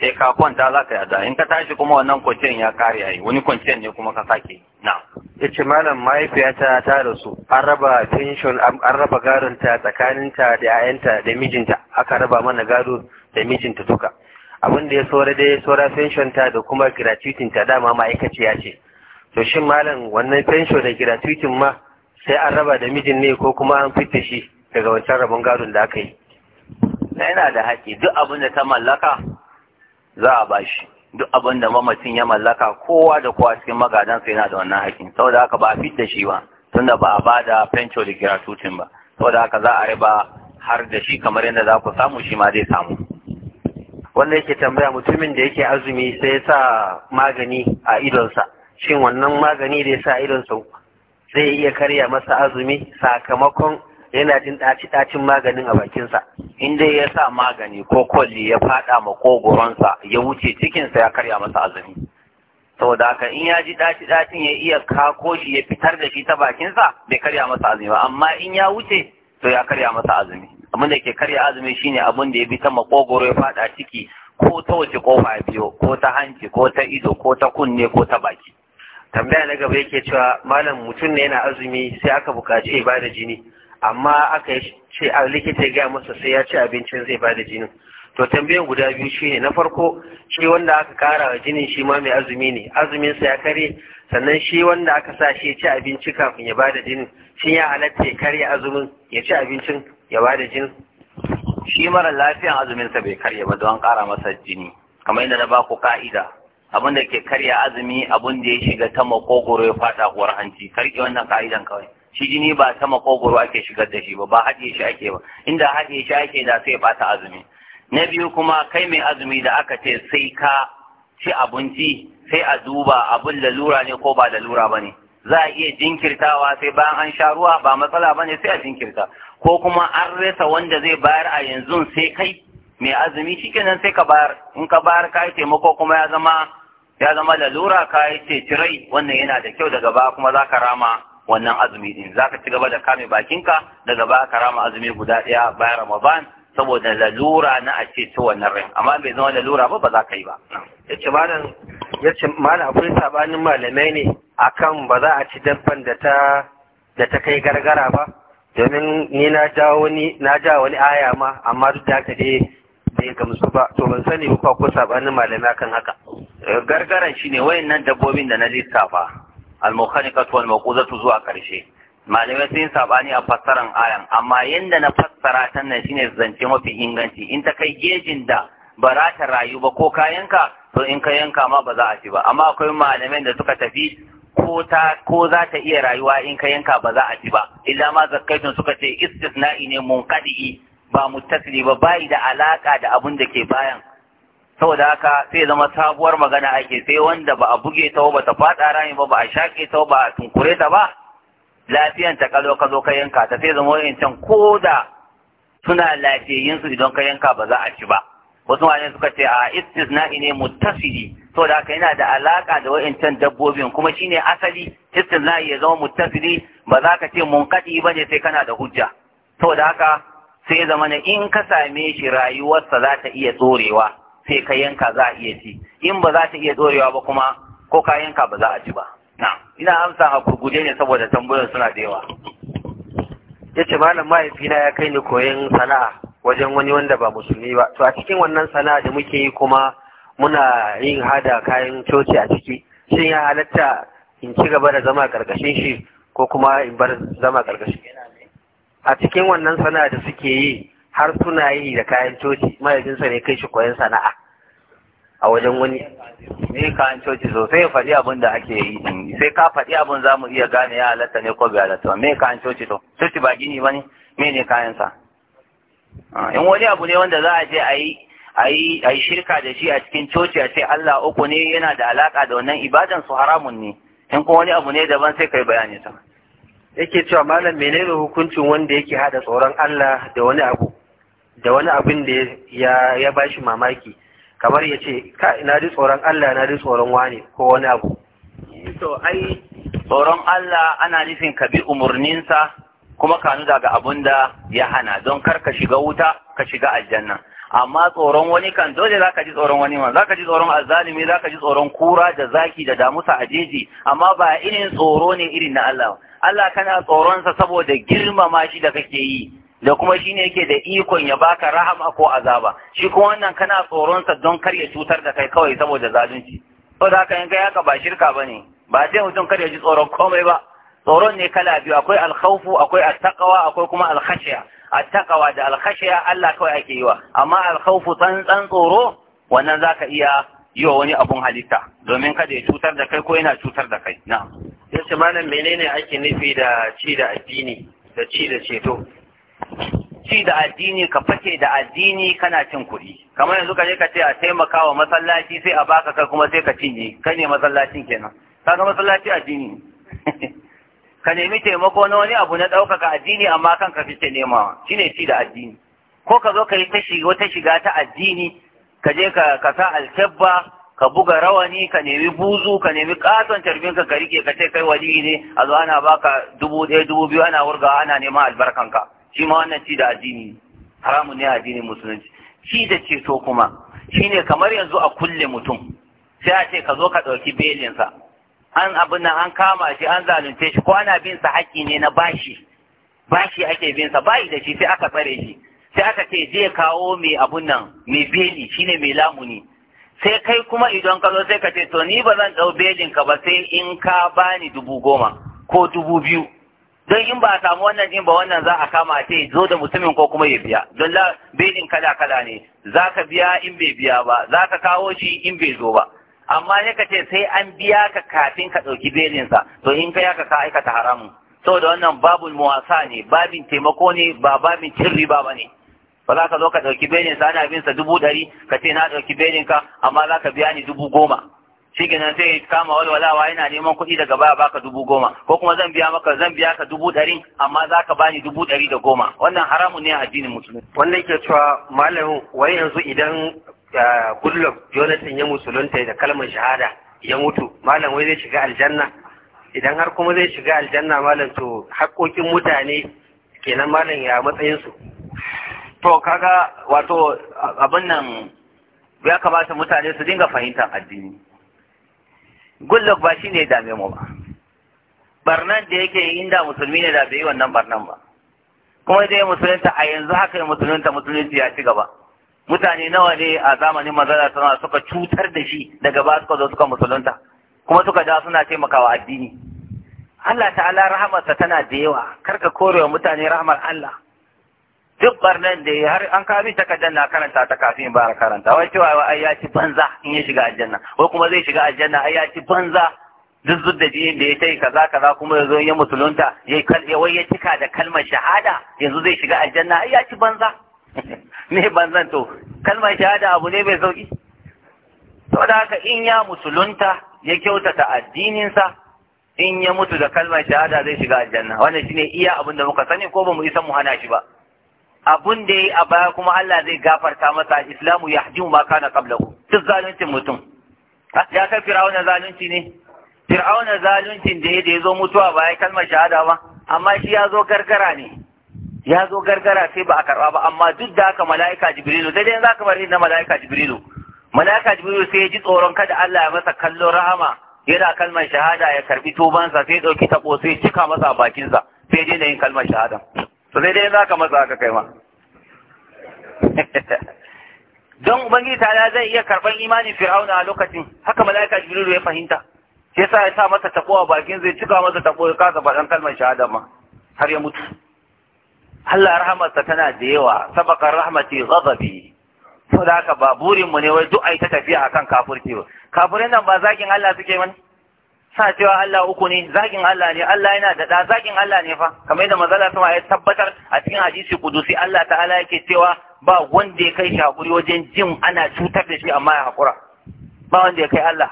sai ka kwanta za ka yi yada in ka tashi kuma wannan kwanciyar ya kare yi wani kwanciyar ne kuma ka sake na ya ce malam mahaifiyata ta rasu an raba pension an raba gadonta tsakaninta da 'ya'yanta da mijinta aka raba mana gado da mijinta duka abin da ya saura ya saura pension ta da kuma gratuitin ta dama ma'aikaciya ce to shin malam wannan pension da gratuitin ma sai an raba da mijin ne ko kuma an fitta shi daga wancan rabon gadon da aka yi yana da haƙƙi duk abin da ta mallaka za a bashi duk abin da mamacin ya mallaka kowa da kowa cikin magadansa yana da wannan haƙƙin saboda haka ba a fit da shi ba tunda ba a ba da fenco da tutun ba saboda haka za a riba har da shi kamar yadda za ku samu shi ma zai samu wanda yake tambaya mutumin da yake azumi sai ya sa magani a idonsa shin wannan magani da ya sa idonsa zai iya karya masa azumi sakamakon yana jin ɗaci-ɗacin maganin a bakinsa inda ya sa magani ko kwalli ya faɗa ma kogoronsa ya wuce cikinsa ya karya masa azumi saboda haka in ya ji ɗaci-ɗacin ya iya kako shi ya fitar da shi ta bakinsa bai karya masa azumi ba amma in ya wuce to ya karya masa azumi abin da ke karya azumi shine abin da ya bi ta makogoro ya faɗa ciki ko ta wace kofa biyo ko ta hanci ko ta ido ko ta kunne ko ta baki tambaya na gaba yake cewa malam mutum ne yana azumi sai aka buƙaci ya bada jini amma aka ce a likita ya masa sai ya ci abincin zai ba da jinin to tambayan guda biyu shi ne na farko shi wanda aka kara wa jinin shi ma mai azumi ne azuminsa ya kare sannan shi wanda aka sa shi ya ci abinci kafin ya ba da jinin shi ya halatta ya karya azumin ya ci abincin ya ba da jinin shi mara lafiyan azuminsa bai karya ba don kara masa jini kamar yadda na ba ku ka'ida abin da ke karya azumi abin da ya shiga ta makogoro ya fata uwar hanci karki wannan ka'idan kawai shi jini ba ta makogoro ake shigar da shi ba ba haɗe shi ake ba inda haɗe shi ake da sai ɓata azumi na biyu kuma kai mai azumi da aka ce sai ka ci abinci sai a duba abin lalura ne ko ba lalura ba ne za a iya jinkirtawa sai bayan an sha ruwa ba matsala ba ne sai a jinkirta ko kuma an resa wanda zai bayar a yanzu sai kai mai azumi shi kenan sai ka bayar in ka bayar ka yi taimako kuma ya zama ya zama lalura ka yi ce cirai wannan yana da kyau daga baya kuma za ka rama wannan azumi din zaka ci gaba da kame bakinka daga ba ka rama azumi guda daya bayan ramadan saboda lalura na a ce ta wannan rai. amma bai zama lalura ba ba za ka yi ba yace malam yace malam akwai sabanin malamai ne akan ba za a ci dabban da ta da ta kai gargara ba domin ni na ja wani na ja wani aya ma amma duk da dai bai gamsu ba to ban sani ba ko sabanin malamai akan haka eh, gargaran shine wayannan dabbobin da na lissafa al-mukhaniqatu wal mawquzatu zuwa karshe malamai sun sabani a fassaran ayan amma yanda na fassara ta nan shine zance mafi inganci in ta kai gejin da barata za ta rayu ba ko kayanka to in ka yanka ma ba za a ci ba amma akwai malamai da suka tafi ko ta ko za ta iya rayuwa in ka yanka ba za a ci ba illa ma zakkaitun suka ce istisna'i ne munqadi ba tasiri ba bai da alaka da abun da ke bayan saboda haka sai zama sabuwar magana ake sai wanda ba a buge ta ba ta faɗa rami ba ba a shaƙe ta ba a tunkure ta ba lafiyan ta kazo ka ka yanka ta sai zama can ko da suna lafiyayin su idan ka yanka ba za a ci ba wasu wani suka ce a istisna'i ne muttasili saboda haka yana da alaka da can dabbobin kuma shine asali na ya zama muttasili ba za ka ce ba ne sai kana da hujja saboda haka sai zama in ka same shi rayuwarsa za ta iya tsorewa sai ka yanka za a iya ci in ba za ta iya dorewa ba kuma ko ka yanka ba za a ci ba na ina amsa a kurguje ne saboda tambayar suna da yawa Ya ce malam mahaifina ya kai ni koyon sana'a wajen wani wanda ba musulmi ba to a cikin wannan sana'a da muke yi kuma muna yin hada kayan coci a ciki shin ya halatta in ci gaba da zama karkashin shi ko kuma in bar zama karkashin a cikin wannan sana'a da suke yi har suna yi da kayan coci mahaifinsa ne kai shi koyon sana'a a wajen wani ne kayan coci sosai ya faɗi abin da ake yi sai ka faɗi abin za mu iya gane ya halatta ne ko bai halatta me kayan coci to coci ba gini ba ne me ne kayansa ah, in wani abu ne wanda za a je a yi a yi shirka da shi a cikin coci a ce Allah uku ne yana da alaka da wannan ibadan su haramun ne in kuma wani abu ne daban sai kai bayani ta yake cewa malam menene hukuncin wanda yake hada tsoron Allah da wani abu da wani abin da ya ya bashi mamaki kamar ya ce ka na ji tsoron Allah na ji tsoron wani ko wani abu eh, to ai tsoron Allah ana nufin ka bi umurninsa kuma ka nuna ga abun da ya hana don kar ka shiga wuta ka shiga aljanna amma tsoron wani kan dole zaka ji tsoron wani ma zaka ji tsoron azzalimi zaka ji tsoron kura da zaki da damusa a jeji amma ba irin tsoro ne irin na Allah Allah kana tsoronsa saboda girmama shi da kake yi da kuma shi ne yake da ikon ya baka rahama ko azaba shi kuma wannan kana tsoronsa don kar ya cutar da kai kawai saboda zalunci saboda haka in kai haka ba shirka bane ba sai mutum kar ya ji tsoron komai ba tsoron ne kala biyu akwai alkhawfu akwai attaqwa akwai kuma alkhashiya attaqwa da alkhashiya Allah kawai ake yi wa amma alkhawfu tsantsan tsoro wannan zaka iya yi wa wani abun halitta domin kada ya cutar da kai ko yana cutar da kai na'am yace malam menene ake nufi da ci da addini da ci da ceto ci da addini ka fashe da addini kana cin kuɗi kamar yanzu ka je ka ce a taimaka wa masallaci sai a baka kai kuma sai ka cinye kai ne masallacin kenan kaga masallaci addini ka nemi taimako na wani abu na ɗaukaka addini amma kanka nema. nemawa ne ci da addini ko ka zo ka yi wata shiga ta addini ka je ka sa alkebba ka buga rawani ka nemi buzu ka nemi katon tarbinka ka rike ka ce kai wali ne a zo ana baka dubu ɗaya dubu biyu ana wurga ana neman albarkanka shi ma wannan ci da addini haramun ne addinin musulunci ci da ceto kuma shine kamar yanzu a kulle mutum sai a ce ka zo ka ɗauki belinsa an abin nan an kama shi an zalunce shi ko ana bin sa haƙƙi ne na bashi bashi ake bin sa bai da shi sai aka tsare shi sai aka ce je kawo mai abun nan mai beli shine mai lamuni sai kai kuma idan ka zo sai ka ce to ni ba zan ɗau belin ka ba sai in ka bani dubu goma ko dubu biyu don in ba a samu wannan din ba wannan za a kama ce zo da mutumin ko kuma ya biya don la belin kala kala ne za ka biya in bai biya ba za ka kawo shi in bai zo ba amma ne ka ce sai an biya ka kafin ka ɗauki sa to in ka yaka ka aikata haramun saboda wannan babu muwasa ne babin taimako ne ba babin cin riba ba ne ba za ka zo ka ɗauki sa ana sa dubu ɗari ka ce na ɗauki ka amma za ka biya ni dubu goma shi kenan sai ya kama walwalawa yana neman kuɗi daga baya baka dubu goma ko kuma zan biya maka zan biya ka dubu ɗari amma za ka bani dubu ɗari da goma wannan haramun ne a addinin musulunci. wannan ke cewa malamin wai yanzu idan eh, gullum jonathan ya musulunta da kalmar shahada ya mutu malam wai zai shiga aljanna idan har kuma zai shiga aljanna malam to haƙƙoƙin mutane kenan malam ya matsayinsu. to kaga wato abin nan ya kamata mutane su dinga fahimtar addini gullok ba shi ne ya dame mu ba barnan da yake inda musulmi ne da bai yi wannan barnan ba kuma dai musulunta a yanzu haka ya musulunta musulunci ya ci gaba mutane nawa ne a zamanin mazala suna suka cutar da shi daga ba suka zo suka musulunta kuma suka da suna taimakawa addini Allah ta'ala rahamarsa tana da yawa karka korewa mutane rahamar Allah duk barnan da ya har an kami ta na karanta ta kafin ba karanta wai cewa ai ya ci banza in ya shiga aljanna wai kuma zai shiga aljanna ai ya ci banza duk zud da jini da ya tai kaza kaza kuma yazo ya musulunta ya kalbe wai ya cika da kalmar shahada yanzu zai shiga aljanna ai ya ci banza ne banzan to kalmar shahada abu ne bai sauki da haka in ya musulunta ya kyautata addininsa in ya mutu da kalmar shahada zai shiga aljanna wannan shine iya abin da muka sani ko ba mu isa mu hana shi ba abun da yi a baya kuma Allah zai gafarta masa islamu ya hajji ma kana ku duk zaluncin mutum ya kai fir'auna zalunci ne fir'auna zaluncin da ya zo mutuwa ba ya kalmar shahada ba amma shi ya zo gargara ne ya zo gargara sai ba a karba ba amma duk da haka mala'ika jibrilu sai dai zaka bar na mala'ika jibrilu mala'ika jibrilu sai ya ji tsoron kada Allah ya masa kallon rahama yana kalmar shahada ya karbi tubansa sai ya dauki tabo sai ya cika masa bakinsa sai ya daina yin kalmar shahada to sai dai za ka matsa haka kai ma don ubangiji ta zai iya karban imanin fir'auna a lokacin haka mala'ika jibrilu ya fahimta ke sa ya sa masa tabo a bakin zai cika masa tabo ya kasa faɗan kalmar shahada ma har ya mutu Allah rahamarsa tana da yawa sabakar rahmati ghadabi saboda haka ba burin mu ne wai duk ai ta tafiya akan kafirci ba kafirin nan ba zakin Allah suke mani sa cewa Allah uku ne zagin Allah ne Allah yana da da zakin Allah ne fa kamar yadda manzala sama ya tabbatar a cikin hadisi kudusi Allah ta'ala yake cewa ba wanda ya kai shi hakuri wajen jin ana cutar da shi amma ya hakura ba wanda ya kai Allah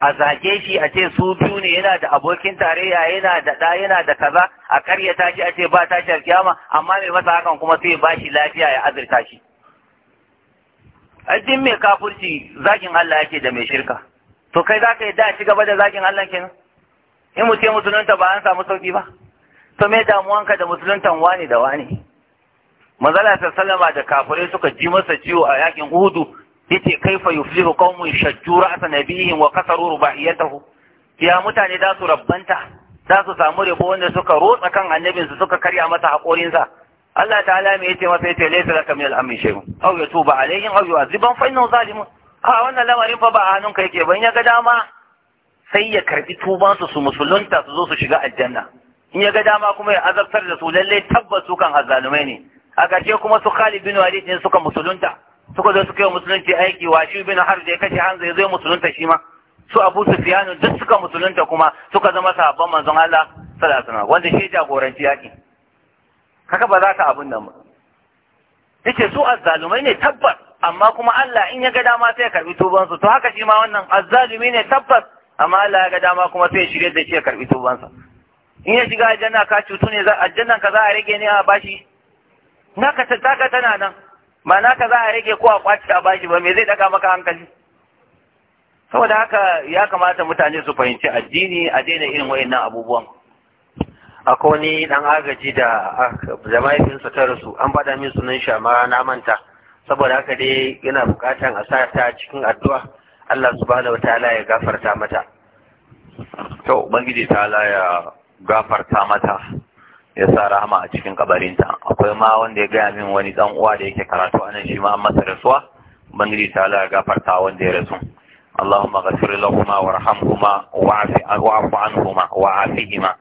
a zage shi a ce su biyu ne yana da abokin tarayya yana da da yana da kaza a karyata shi a ce ba tashi kiyama amma mai masa hakan kuma sai ba shi lafiya ya azurta shi addin mai kafurci zagin Allah yake da mai shirka to kai za ka yadda a ci gaba da zagin Allah kenan in mutum musulunta ba an samu sauki ba to me damuwanka da musuluntan wani da wani manzala sallama da kafirai suka ji masa ciwo a yakin uhudu yace kaifa yuflihu qaumun shajju ra'sa nabihim wa kasaru ruba'iyatahu ya mutane da su rabbanta za su samu rabo wanda suka rotsa kan annabin su suka karya masa sa Allah ta'ala me yace masa yace laysa laka min al-amri shay'un aw yatuba alayhim aw yu'adhibahum fa innahu zalimun a wannan lamarin fa ba a hannun kai ke ban ya ga dama sai ya karbi tubansu su musulunta su zo su shiga aljanna in ya ga dama kuma ya azabtar da su lalle tabbas su kan azzalumai ne a ƙarshe kuma su Khalid bin Walid ne suka musulunta suka zo suka yi musulunci aiki wa shi bin Harb da ya kashe Hamza ya zo musulunta shi ma su Abu Sufyan duk suka musulunta kuma suka zama sahabban manzon Allah sallallahu alaihi wasallam wanda shi jagoranci yaki kaka ba za ka abun nan ba yace su azzalumai ne tabbas amma kuma Allah in ya ga dama sai ya karbi tubansu to haka shi ma wannan azzalumi ne tabbas amma Allah ya ga dama kuma sai ya shirye da shi ya karbi tubansa in ya shiga aljanna ka cutu ne aljannan ka za a rage ne a bashi naka ta taka tana nan ba naka za a rage ko a kwaci a bashi ba me zai daga maka hankali saboda haka ya kamata mutane su fahimci addini a daina irin wayannan abubuwan akwai wani dan agaji da ah, da mahaifinsa ta rasu an faɗa min sunan shi amma na manta saboda haka dai yana bukatan a sa ta cikin addu'a Allah subhanahu wataala ya gafarta mata to ubangiji ta'ala ya gafarta mata ya sa rahama a cikin kabarinta akwai ma wanda ya gaya min wani dan uwa da yake karatu a nan shi ma an masa rasuwa ubangiji ta ya gafarta wanda ya rasu اللهم اغفر لهما وارحمهما واعف عنهما وعافهما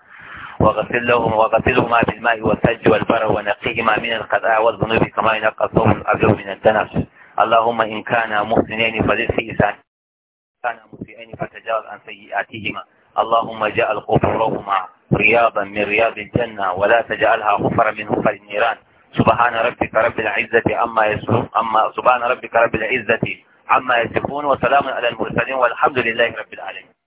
وغسل لهم وغسلهما بالماء والثلج والبر ونقيهما من القذاء والذنوب كما ينقى الثوب الابيض من الدنس اللهم ان كانا محسنين فليس كانا مسيئين فتجاوز عن سيئاتهما اللهم اجعل غفورهما رياضا من رياض الجنه ولا تجعلها غفرا من غفر النيران سبحان ربك رب العزه عما يصفون اما سبحان ربك رب العزه عما يصفون وسلام على المرسلين والحمد لله رب العالمين